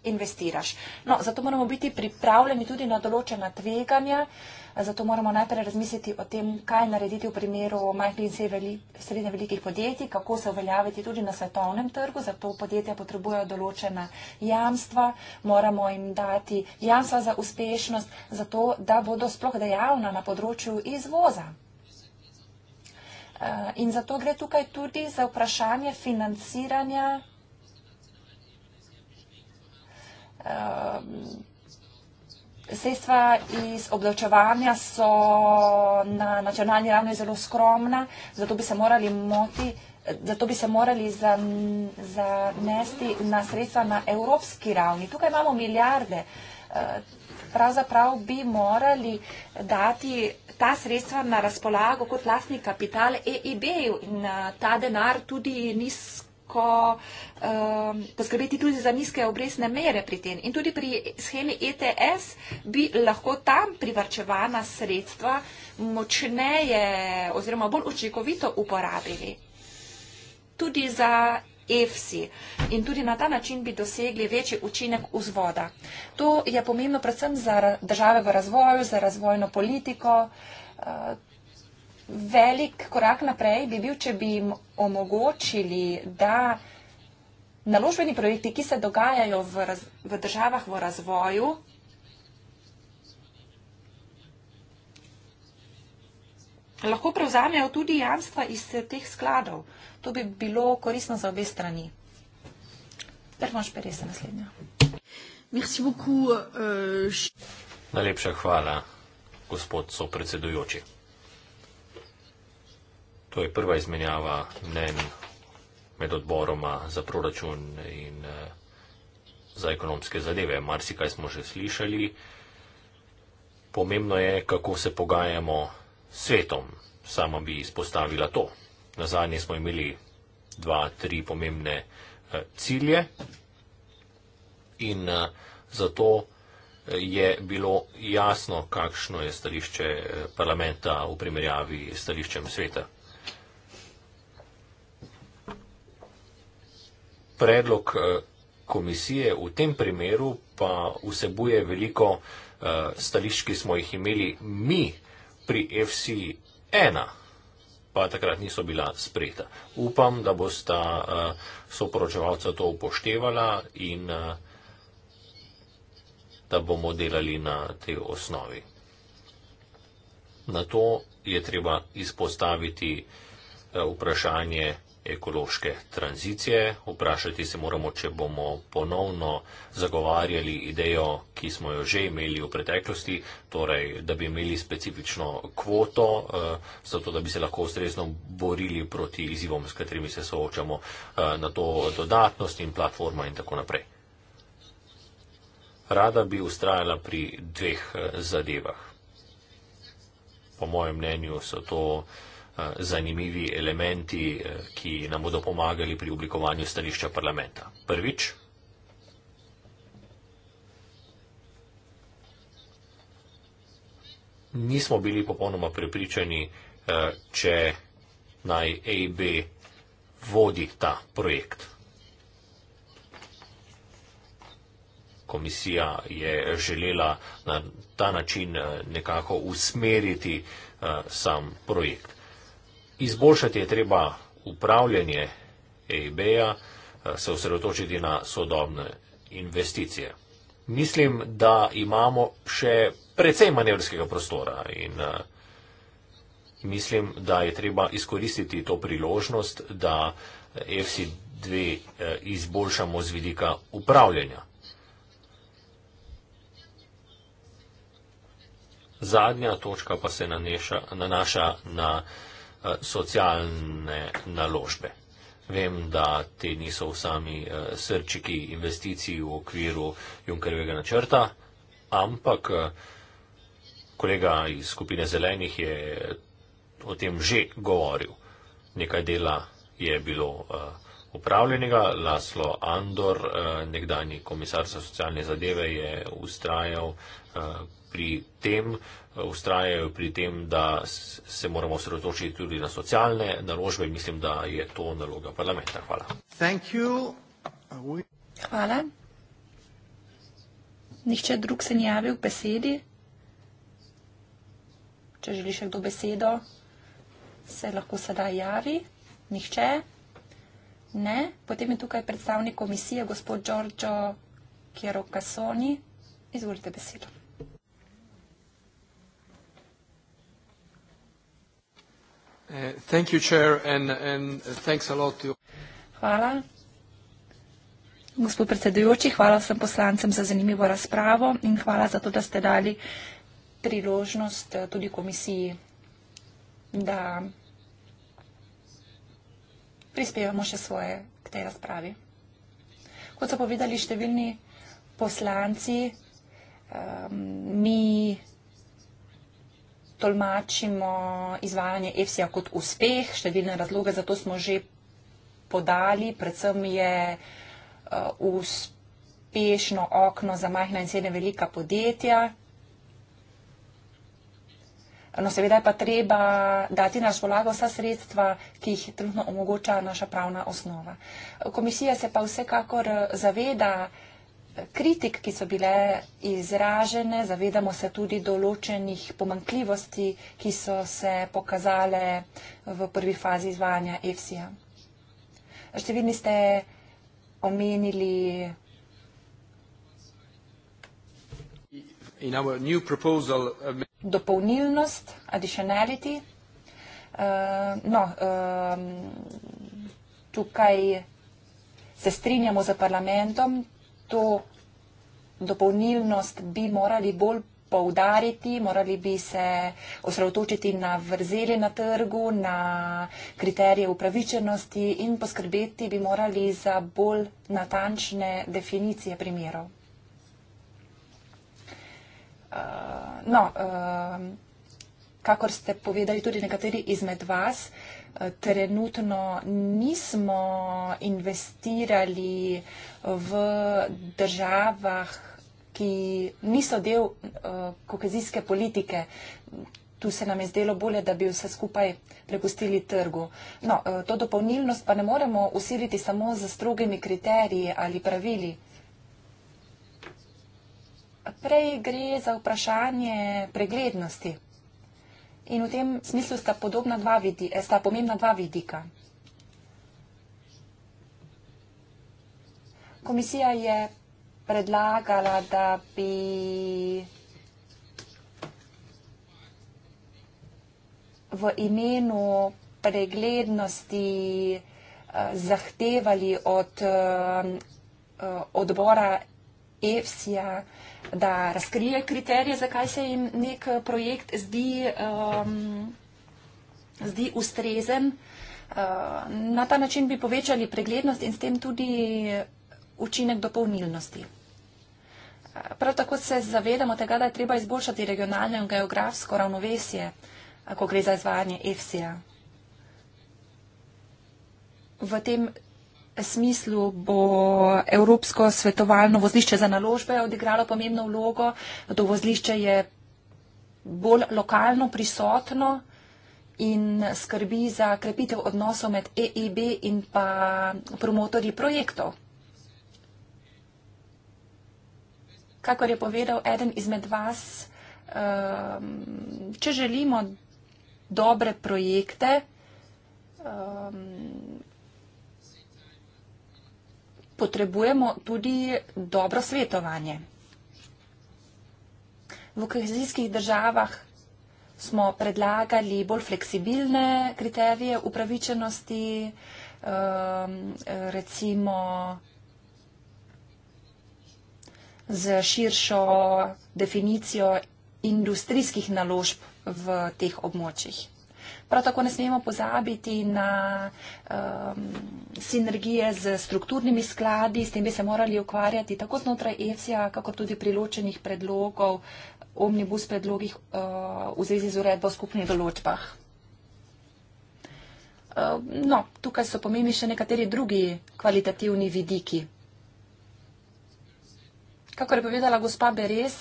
investiraš. No, zato moramo biti pripravljeni tudi na določena tveganja. Uh, Zato moramo najprej razmisliti o tem, kaj narediti v primeru majhnih in srednje velikih podjetij, kako se uveljaviti tudi na svetovnem trgu. Zato podjetja potrebujejo določena jamstva, moramo jim dati jamstva za uspešnost, zato da bodo sploh dejavna na področju izvoza. Eh, in zato gre tukaj tudi za vprašanje financiranja eh, sredstva iz obdavčevanja so na nacionalni ravni zelo skromna, zato bi se morali moti. Zato bi se morali zanesti na sredstva na evropski ravni. Tukaj imamo milijarde. Eh, pravzaprav bi morali dati ta sredstva na razpolago kot lastni kapital EIB-ju in eh, ta denar tudi ni ko, um, poskrbeti tudi za nizke obresne mere pri tem. In tudi pri schemi ETS bi lahko tam privrčevana sredstva močneje oziroma bolj učinkovito uporabili. Tudi za EFSI in tudi na ta način bi dosegli večji učinek vzvoda. To je pomembno predvsem za države v razvoju, za razvojno politiko. Uh, velik korak naprej bi bil, če bi jim omogočili, da naložbeni projekti, ki se dogajajo v, raz, v državah v razvoju, lahko prevzamejo tudi jamstva iz teh skladov. To bi bilo koristno za obe strani. Termoš Perez, naslednja. Merci beaucoup. Euh... Najlepša hvala, gospod sopredsedujoči. To je prva izmenjava mnen med odboroma za proračun in eh, za ekonomske zadeve. Marsikaj smo že slišali. Pomembno je, kako se pogajamo s svetom. Sama bi izpostavila to. Na zadnje smo imeli dva, tri pomembne eh, cilje in eh, zato je bilo jasno, kakšno je stališče parlamenta v primerjavi s stališčem sveta. predlog eh, komisije v tem primeru pa vsebuje veliko eh, stališč, ki smo jih imeli mi pri FC1, pa takrat niso bila sprejeta. Upam, da bosta eh, soporočevalca to upoštevala in da bomo delali na tej osnovi. Na to je treba izpostaviti vprašanje, ekološke tranzicije. Vprašati se moramo, če bomo ponovno zagovarjali idejo, ki smo jo že imeli v preteklosti, torej, da bi imeli specifično kvoto, eh, zato da bi se lahko ustrezno borili proti izzivom, s katerimi se soočamo eh, na to dodatnost in platforma in tako naprej. Rada bi ustrajala pri dveh eh, zadevah. Po mojem mnenju so to Eh, zanimivi elementi, eh, ki nam bodo pomagali pri oblikovanju stališča parlamenta. Prvič. Nismo bili popolnoma prepričani, eh, če naj AB vodi ta projekt. Komisija je želela na ta način nekako usmeriti sam projekt. Izboljšati je treba upravljanje EIB-ja, eh, se osredotočiti na sodobne investicije. Mislim, da imamo še precej manevrskega prostora in eh, mislim, da je treba izkoristiti to priložnost, da eh, FC2 izboljšamo z vidika upravljanja. Zadnja točka pa se nanaša na, neša, na, naša, na Eh, socialne naložbe. Vem, da te niso vsami eh, srčiki investicij v okviru Junkerjevega načrta, ampak eh, kolega iz skupine zelenih je o tem že govoril. Nekaj dela je bilo upravljenega. Laslo Andor, nekdani komisar za socialne zadeve, je ustrajal pri tem, ustrajajo pri tem, da se moramo sredotočiti tudi na socialne naložbe in mislim, da je to naloga parlamenta. Hvala. Hvala. Nihče drug se ni javil k besedi. Če želi še kdo besedo, se lahko sedaj javi. Nihče? Ne. Potem je tukaj predstavnik komisije, gospod Giorgio Chierocassoni. Izvolite besedo. Uh, thank you, chair, and, and thanks a lot to... Hvala. Gospod predsedujoči, hvala vsem poslancem za zanimivo razpravo in hvala za to, da ste dali priložnost eh, tudi komisiji, da prispevamo še svoje k tej razpravi. Kot so povedali številni poslanci, um, mi tolmačimo izvajanje EFSI-ja kot uspeh. Številne razloge za to smo že podali. Predvsem je eh, uspešno okno za majhna in srednja velika podjetja. No, seveda je pa treba dati naš polago vsa sredstva, ki jih trenutno omogoča naša pravna osnova. Komisija se pa vsekakor eh, zaveda, da kritik, ki so bile izražene, zavedamo se tudi določenih pomankljivosti, ki so se pokazale v prvi fazi izvajanja EFSI-ja. Številni ste omenili. In our new proposal. Uh, dopolnilnost, additionality. Uh, no, um, tukaj se strinjamo z parlamentom, to dopolnilnost bi morali bolj poudariti, morali bi se osredotočiti na vrzeli na trgu, na kriterije upravičenosti in poskrbeti bi morali za bolj natančne definicije primerov. Eh, no, eh, kakor ste povedali tudi nekateri izmed vas, trenutno nismo investirali v državah, ki niso del uh, kohezijske politike. Tu se nam je zdelo bolje, da bi vse skupaj prepustili trgu. No, uh, to dopolnilnost pa ne moremo usiliti samo z strogimi kriteriji ali pravili. Prej gre za vprašanje preglednosti. In v tem smislu sta, dva vidi, eh, sta pomembna dva vidika. Komisija je predlagala, da bi v imenu preglednosti eh, zahtevali od eh, odbora EFSI-ja, da razkrije kriterije, zakaj se jim nek eh, projekt zdi, um, zdi ustrezen. Uh, na ta način bi povečali preglednost in s tem tudi učinek dopolnilnosti. Eh, prav tako se zavedamo tega, da je treba izboljšati regionalno in geografsko ravnovesje, ko gre za izvajanje EFSI-ja. V tem smislu bo Evropsko svetovalno vozlišče za naložbe odigralo pomembno vlogo. To vozlišče je bolj lokalno prisotno in skrbi za krepitev odnosov med EIB e in pa promotorji projektov. Kakor je povedal eden izmed vas, ehm, če želimo dobre projekte, ehm, potrebujemo tudi dobro svetovanje. V kohezijskih državah smo predlagali bolj fleksibilne kriterije upravičenosti, um, recimo z širšo definicijo industrijskih naložb v teh območjih. Prav tako ne smemo pozabiti na um, sinergije z strukturnimi skladi, s tem bi se morali ukvarjati tako znotraj EFSA, kako tudi pri ločenih predlogov, omnibus predlogih uh, v zvezi z uredbo o skupnih določbah. Uh, no, tukaj so pomembni še nekateri drugi kvalitativni vidiki. Kako je povedala gospa Beres,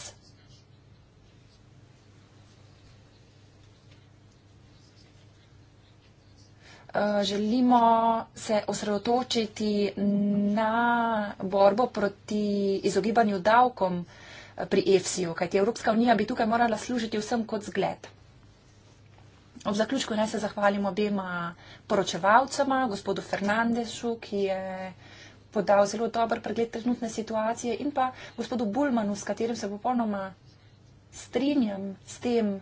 Eh, želimo se osredotočiti na borbo proti izogibanju davkom eh, pri EFSI-ju, kajti Evropska unija bi tukaj morala služiti vsem kot zgled. Ob zaključku naj se zahvalimo obema poročevalcema, gospodu Fernandesu, ki je podal zelo dober pregled trenutne situacije, in pa gospodu Bulmanu, s katerim se popolnoma strinjam s tem,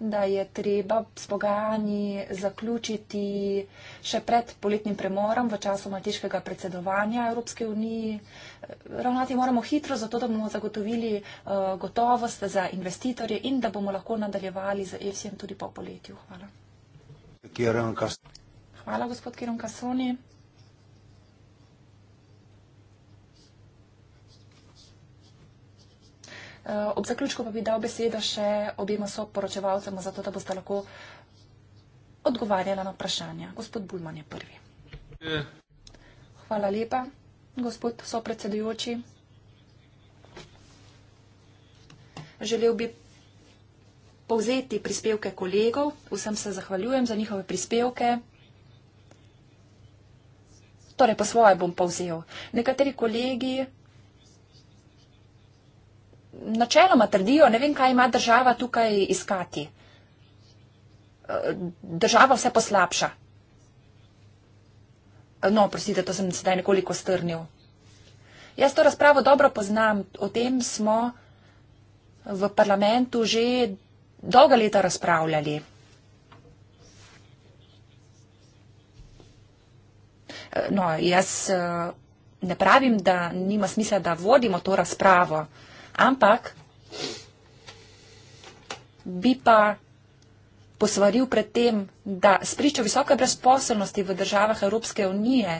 da je treba s pogajanji zaključiti še pred poletnim premorom v času maltiškega predsedovanja Evropske unije. Ravnati moramo hitro, zato da bomo zagotovili eh, gotovost za investitorje in da bomo lahko nadaljevali z EFSI-jem tudi po poletju. Hvala. Hvala, gospod Kiron Kasoni. Eh, ob zaključku pa bi dal besedo še objema soporočevalcema, zato da boste lahko odgovarjala na vprašanja. Gospod Bulman je prvi. Hvala lepa, gospod sopredsedujoči. Želel bi povzeti prispevke kolegov. Vsem se zahvaljujem za njihove prispevke. Torej, po svoje bom povzel. Nekateri kolegi načeloma trdijo, ne vem, kaj ima država tukaj iskati. E, država vse poslabša. E, no, prosite, to sem sedaj nekoliko strnil. Jaz to razpravo dobro poznam. O tem smo v parlamentu že dolga leta razpravljali. E, no, jaz ne pravim, da nima smisla, da vodimo to razpravo. Ampak bi pa posvaril pred tem, da spričo visoke brezposelnosti v državah Evropske unije,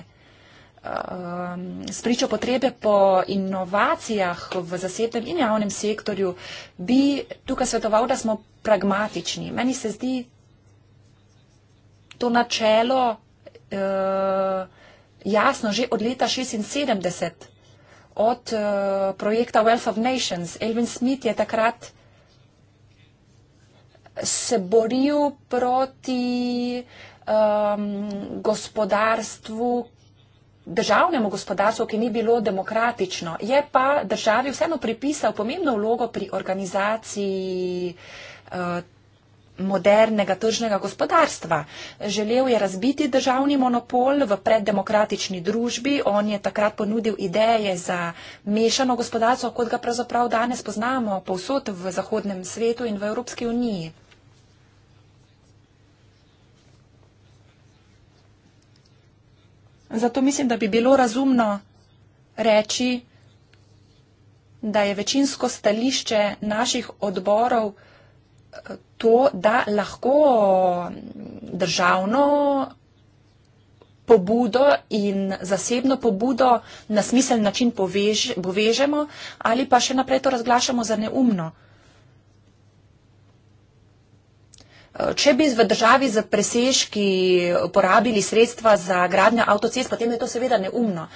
um, spričo potrebe po inovacijah v zasebnem in javnem sektorju, bi tukaj svetoval, da smo pragmatični. Meni se zdi to načelo uh, jasno že od leta 1976 od uh, projekta Wealth of Nations. Elvin Smith je takrat se boril proti um, gospodarstvu, državnemu gospodarstvu, ki ni bilo demokratično. Je pa državi vseeno pripisal pomembno vlogo pri organizaciji uh, modernega tržnega gospodarstva. Želel je razbiti državni monopol v preddemokratični družbi. On je takrat ponudil ideje za mešano gospodarstvo, kot ga pravzaprav danes poznamo povsod v zahodnem svetu in v Evropski uniji. Zato mislim, da bi bilo razumno reči, da je večinsko stališče naših odborov eh, to, da lahko mm, državno pobudo in zasebno pobudo na smiseln način povež, povežemo ali pa še naprej to razglašamo za neumno. Eh, če bi v državi za presežki porabili sredstva za gradnjo avtocest, potem je to seveda neumno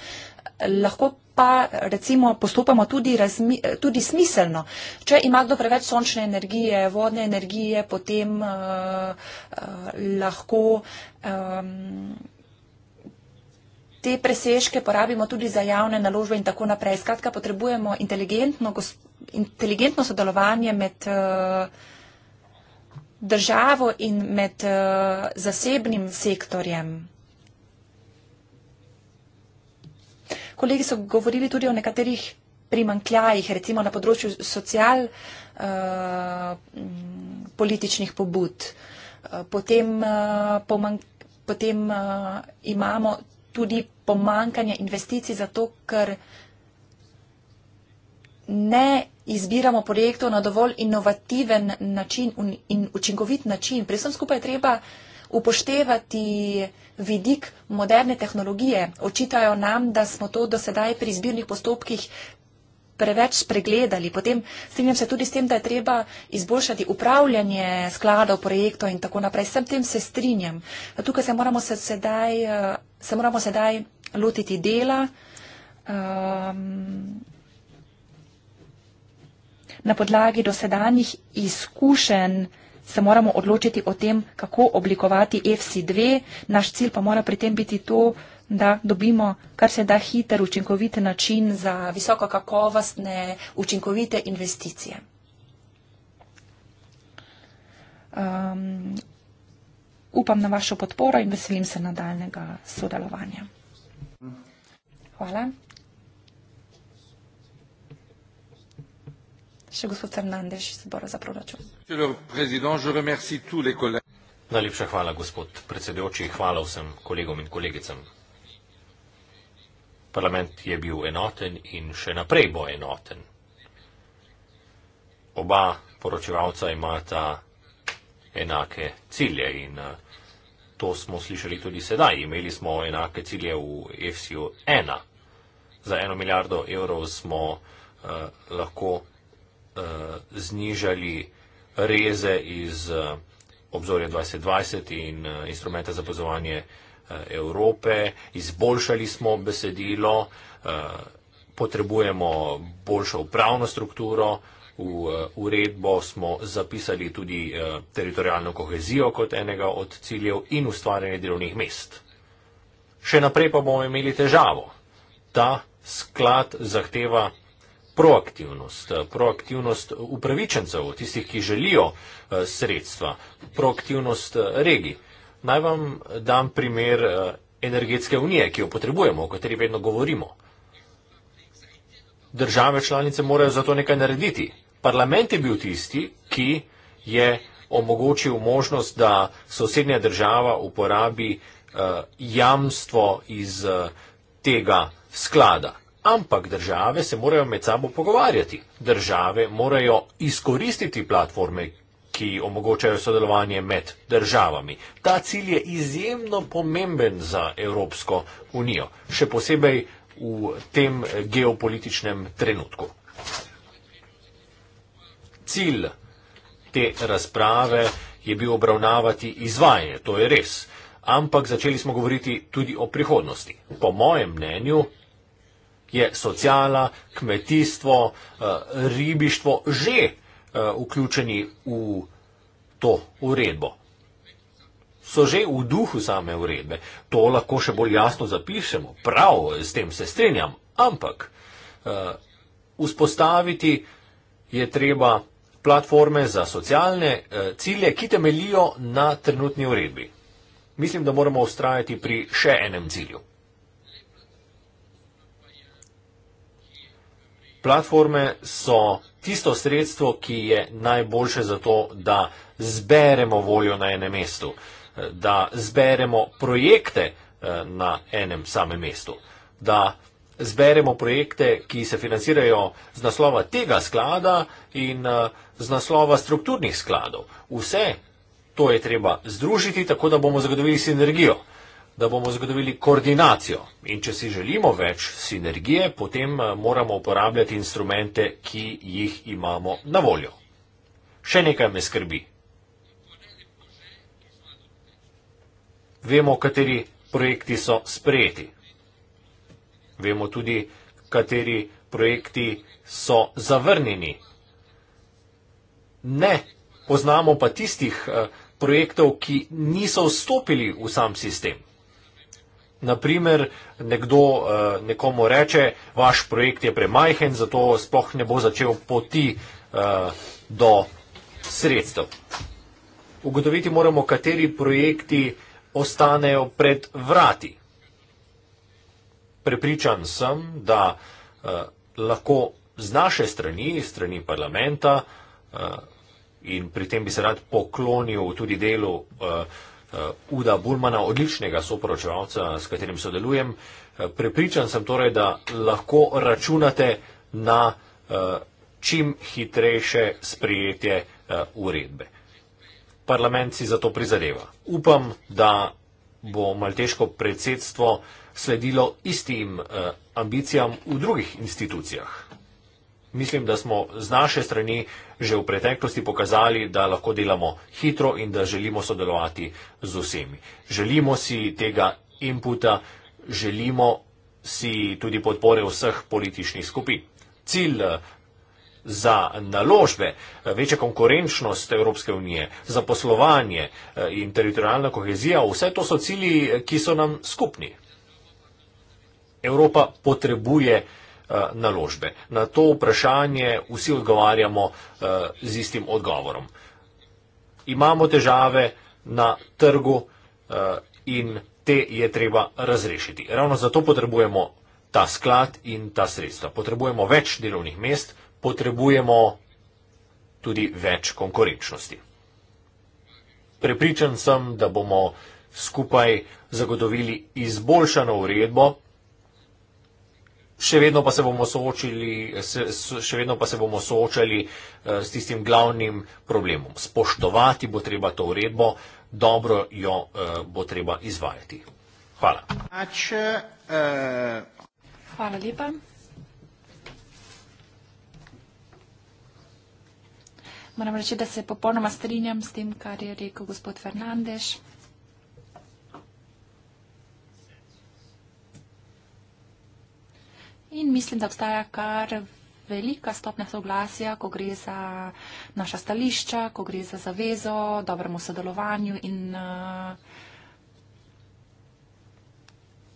lahko pa recimo postopamo tudi, razmi, tudi smiselno. Če ima kdo preveč sončne energije, vodne energije, potem uh, uh, lahko. Um, Te presežke porabimo tudi za javne naložbe in tako naprej. Skratka, potrebujemo inteligentno, inteligentno sodelovanje med uh, državo in med uh, zasebnim sektorjem. kolegi so govorili tudi o nekaterih primankljajih, recimo na področju social uh, političnih pobud. Eh, potem, uh, pomank, potem uh, imamo tudi pomankanje investicij, zato ker ne izbiramo projektov na dovolj inovativen način in učinkovit način. Pri vsem skupaj treba uh, upoštevati vidik moderne tehnologije. Očitajo nam, da smo to do sedaj pri izbirnih postopkih preveč spregledali. Potem strinjam se tudi s tem, da je treba izboljšati upravljanje skladov, projektov in tako naprej. Sem tem se strinjam. Tukaj se moramo, se sedaj, eh, se moramo sedaj lotiti dela. Um, na podlagi dosedanjih izkušenj se moramo odločiti o tem, kako oblikovati FC2. Naš cilj pa mora pri tem biti to, da dobimo kar se da hiter, učinkovit način za visoko kakovostne, učinkovite investicije. Um, upam na vašo podporo in veselim se nadaljnega sodelovanja. Hvala. še gospod Fernandez iz zbora za proračun. Najlepša hvala, gospod predsedujoči. Hvala vsem kolegom in kolegicam. Parlament je bil enoten in še naprej bo enoten. Oba poročevalca imata enake cilje in eh, to smo slišali tudi sedaj. Imeli smo enake cilje v EFSI-u 1. Za eno milijardo evrov smo eh, lahko Eh, znižali reze iz eh, obzorja 2020 in eh, instrumenta za pozovanje Evrope, izboljšali smo besedilo, potrebujemo boljšo upravno strukturo, v uredbo smo zapisali tudi teritorijalno kohezijo kot enega od ciljev in ustvarjanje delovnih mest. Še naprej pa bomo imeli težavo. Ta sklad zahteva proaktivnost, eh, proaktivnost upravičencev, tistih, ki želijo eh, sredstva, proaktivnost eh, regij. Naj vam dam primer energetske unije, ki jo potrebujemo, o kateri vedno govorimo. Države članice morajo za to nekaj narediti. Parlament je bil tisti, ki je omogočil možnost, da sosednja država uporabi jamstvo iz tega sklada. Ampak države se morajo med sabo pogovarjati. Države morajo izkoristiti platforme, ki omogočajo sodelovanje med državami. Ta cilj je izjemno pomemben za Evropsko unijo, še posebej v tem geopolitičnem trenutku. Cilj te razprave je bil obravnavati izvajanje, to je res. Ampak začeli smo govoriti tudi o prihodnosti. Po mojem mnenju je socijala, kmetijstvo, eh, ribištvo že eh, vključeni v to uredbo. So že v duhu same uredbe. To lahko še bolj jasno zapišemo, prav s tem se strinjam, ampak eh, vzpostaviti je treba platforme za socialne cilje, ki temelijo na trenutni uredbi. Mislim, da moramo ustrajati pri še enem cilju. Platforme so tisto sredstvo, ki je najboljše za to, da zberemo voljo na enem mestu, da zberemo projekte eh, na enem samem mestu, da zberemo projekte, ki se financirajo z naslova tega sklada in eh, z naslova strukturnih skladov. Vse to je treba združiti, tako da bomo zagotovili sinergijo da bomo zagotovili koordinacijo. In če si želimo več sinergije, potem eh, moramo uporabljati instrumente, ki jih imamo na voljo. Še nekaj me skrbi. Vemo, kateri projekti so sprejeti. Vemo tudi, kateri projekti so zavrnjeni. Ne, poznamo pa tistih eh, projektov, ki niso vstopili v sam sistem. Naprimer, nekdo eh, nekomu reče, vaš projekt je premajhen, zato sploh ne bo začel poti eh, do sredstev. Ugotoviti moramo, kateri projekti ostanejo pred vrati. Prepričan sem, da eh, lahko z naše strani, strani parlamenta, in pri tem bi se rad poklonil tudi delu Uh, Uda Burmana, odličnega soporočevalca, s katerim sodelujem. Uh, prepričan sem torej, da lahko računate na uh, čim hitrejše sprejetje uredbe. Parlament si za to prizadeva. Upam, da bo malteško predsedstvo sledilo istim ambicijam v drugih institucijah mislim, da smo z naše strani že v preteklosti pokazali, da lahko delamo hitro in da želimo sodelovati z vsemi. Želimo si tega inputa, želimo si tudi podpore vseh političnih skupin. Cilj eh, za naložbe, eh, večja konkurenčnost Evropske unije, zaposlovanje eh, in teritorijalna kohezija, vse to so cilji, ki so nam skupni. Evropa potrebuje uh, Eh, naložbe. Na to vprašanje vsi odgovarjamo eh, z istim odgovorom. Imamo težave na trgu eh, in te je treba razrešiti. Ravno zato potrebujemo ta sklad in ta sredstva. Potrebujemo več delovnih mest, potrebujemo tudi več konkurenčnosti. Prepričan sem, da bomo skupaj zagotovili izboljšano uredbo, še vedno pa se bomo soočili, še vedno pa se bomo soočali eh, s tistim glavnim problemom. Spoštovati bo treba to uredbo, dobro jo eh, bo treba izvajati. Hvala. Hvala lepa. Moram reči, da se popolnoma strinjam s tem, kar je rekel gospod Fernandez. In mislim, da obstaja kar velika stopnja soglasja, ko gre za naša stališča, ko gre za zavezo, dobremu sodelovanju in eh,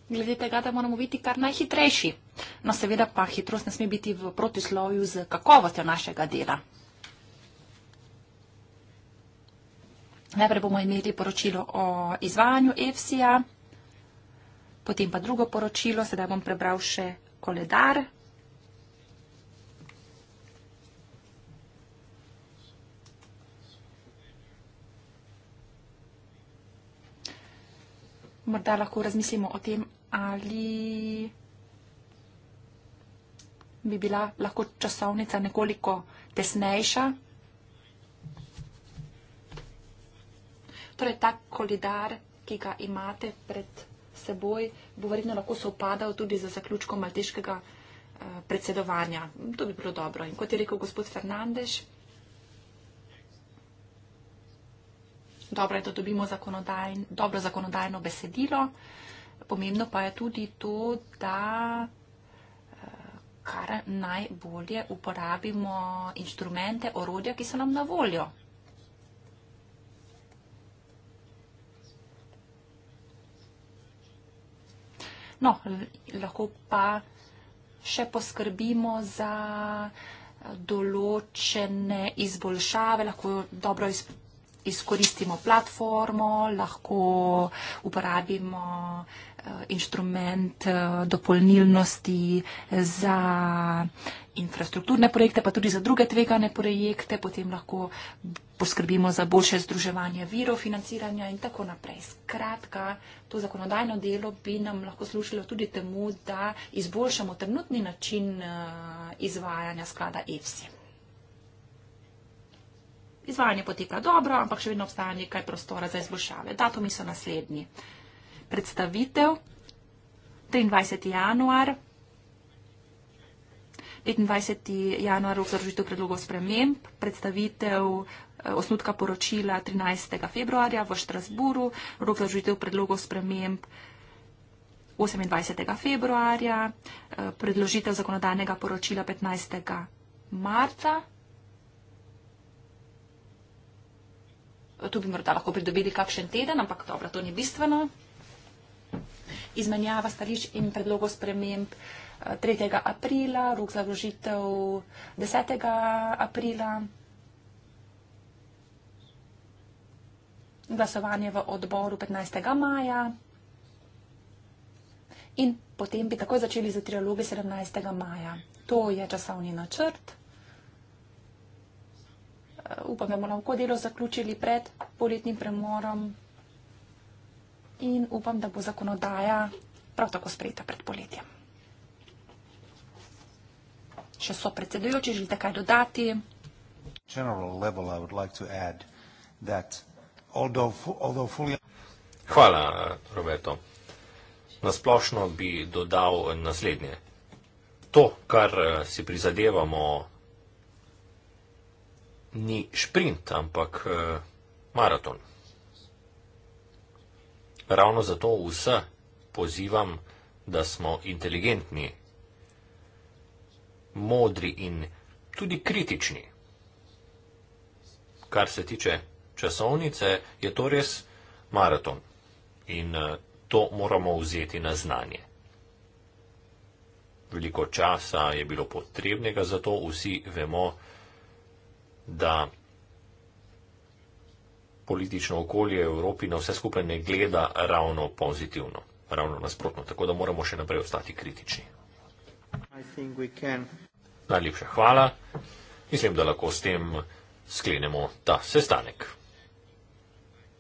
glede tega, da moramo biti kar najhitrejši. No, seveda pa hitrost ne sme biti v protisloju z kakovostjo našega dela. Najprej bomo imeli poročilo o izvajanju EFSI-ja, potem pa drugo poročilo, sedaj bom prebral še koledar. Morda lahko razmislimo o tem, ali bi bila lahko časovnica nekoliko tesnejša. Torej, ta koledar, ki ga imate pred seboj bo verjetno lahko sovpadal tudi za zaključkom malteškega eh, predsedovanja. To bi bilo dobro. In kot je rekel gospod Fernandež, dobro je, da dobimo zakonodajn, dobro zakonodajno besedilo. Pomembno pa je tudi to, da eh, kar najbolje uporabimo inštrumente, orodja, ki so nam na voljo. No, lahko pa še poskrbimo za določene izboljšave, lahko dobro izkoristimo platformo, lahko uporabimo Eh, inštrument eh, dopolnilnosti za infrastrukturne projekte, pa tudi za druge tvegane projekte, potem lahko poskrbimo za boljše združevanje virov financiranja in tako naprej. Skratka, to zakonodajno delo bi nam lahko služilo tudi temu, da izboljšamo trenutni način eh, izvajanja sklada EFSI. Izvajanje poteka dobro, ampak še vedno obstaja nekaj prostora za izboljšave. Datumi so naslednji predstavitev 23. januar. 25. januar obzorožitev predlogov sprememb, predstavitev eh, osnutka poročila 13. februarja v Štrasburu, obzorožitev predlogov sprememb 28. februarja, eh, predložitev zakonodajnega poročila 15. marca. Eh, tu bi morda lahko pridobili kakšen teden, ampak dobro, to ni bistveno izmenjava stališč in predlogov sprememb 3. Eh, aprila, rok za vložitev 10. aprila, glasovanje v odboru 15. maja in potem bi takoj začeli za trialoge 17. maja. To je časovni načrt. Eh, upam, da bomo lahko delo zaključili pred poletnim premorom in upam, da bo zakonodaja prav tako sprejeta pred poletjem. Če so predsedujoči, želite kaj dodati? Hvala, Roberto. Nasplošno bi dodal naslednje. To, kar si prizadevamo, ni šprint, ampak eh, maraton. Ravno zato vse pozivam, da smo inteligentni, modri in tudi kritični. Kar se tiče časovnice, je to res maraton in eh, to moramo vzeti na znanje. Veliko časa je bilo potrebnega, zato vsi vemo, da politično okolje v Evropi na vse skupaj ne gleda ravno pozitivno, ravno nasprotno. Tako da moramo še naprej ostati kritični. Najlepša hvala. Mislim, da lahko s tem sklenemo ta sestanek.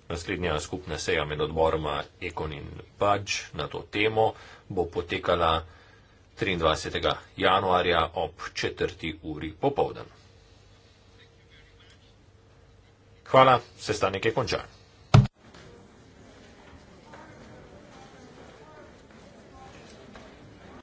Naslednja skupna seja med odboroma Ekon in Pač na to temo bo potekala 23. januarja ob četrti uri popovdne. Hvala, sestanek je končan.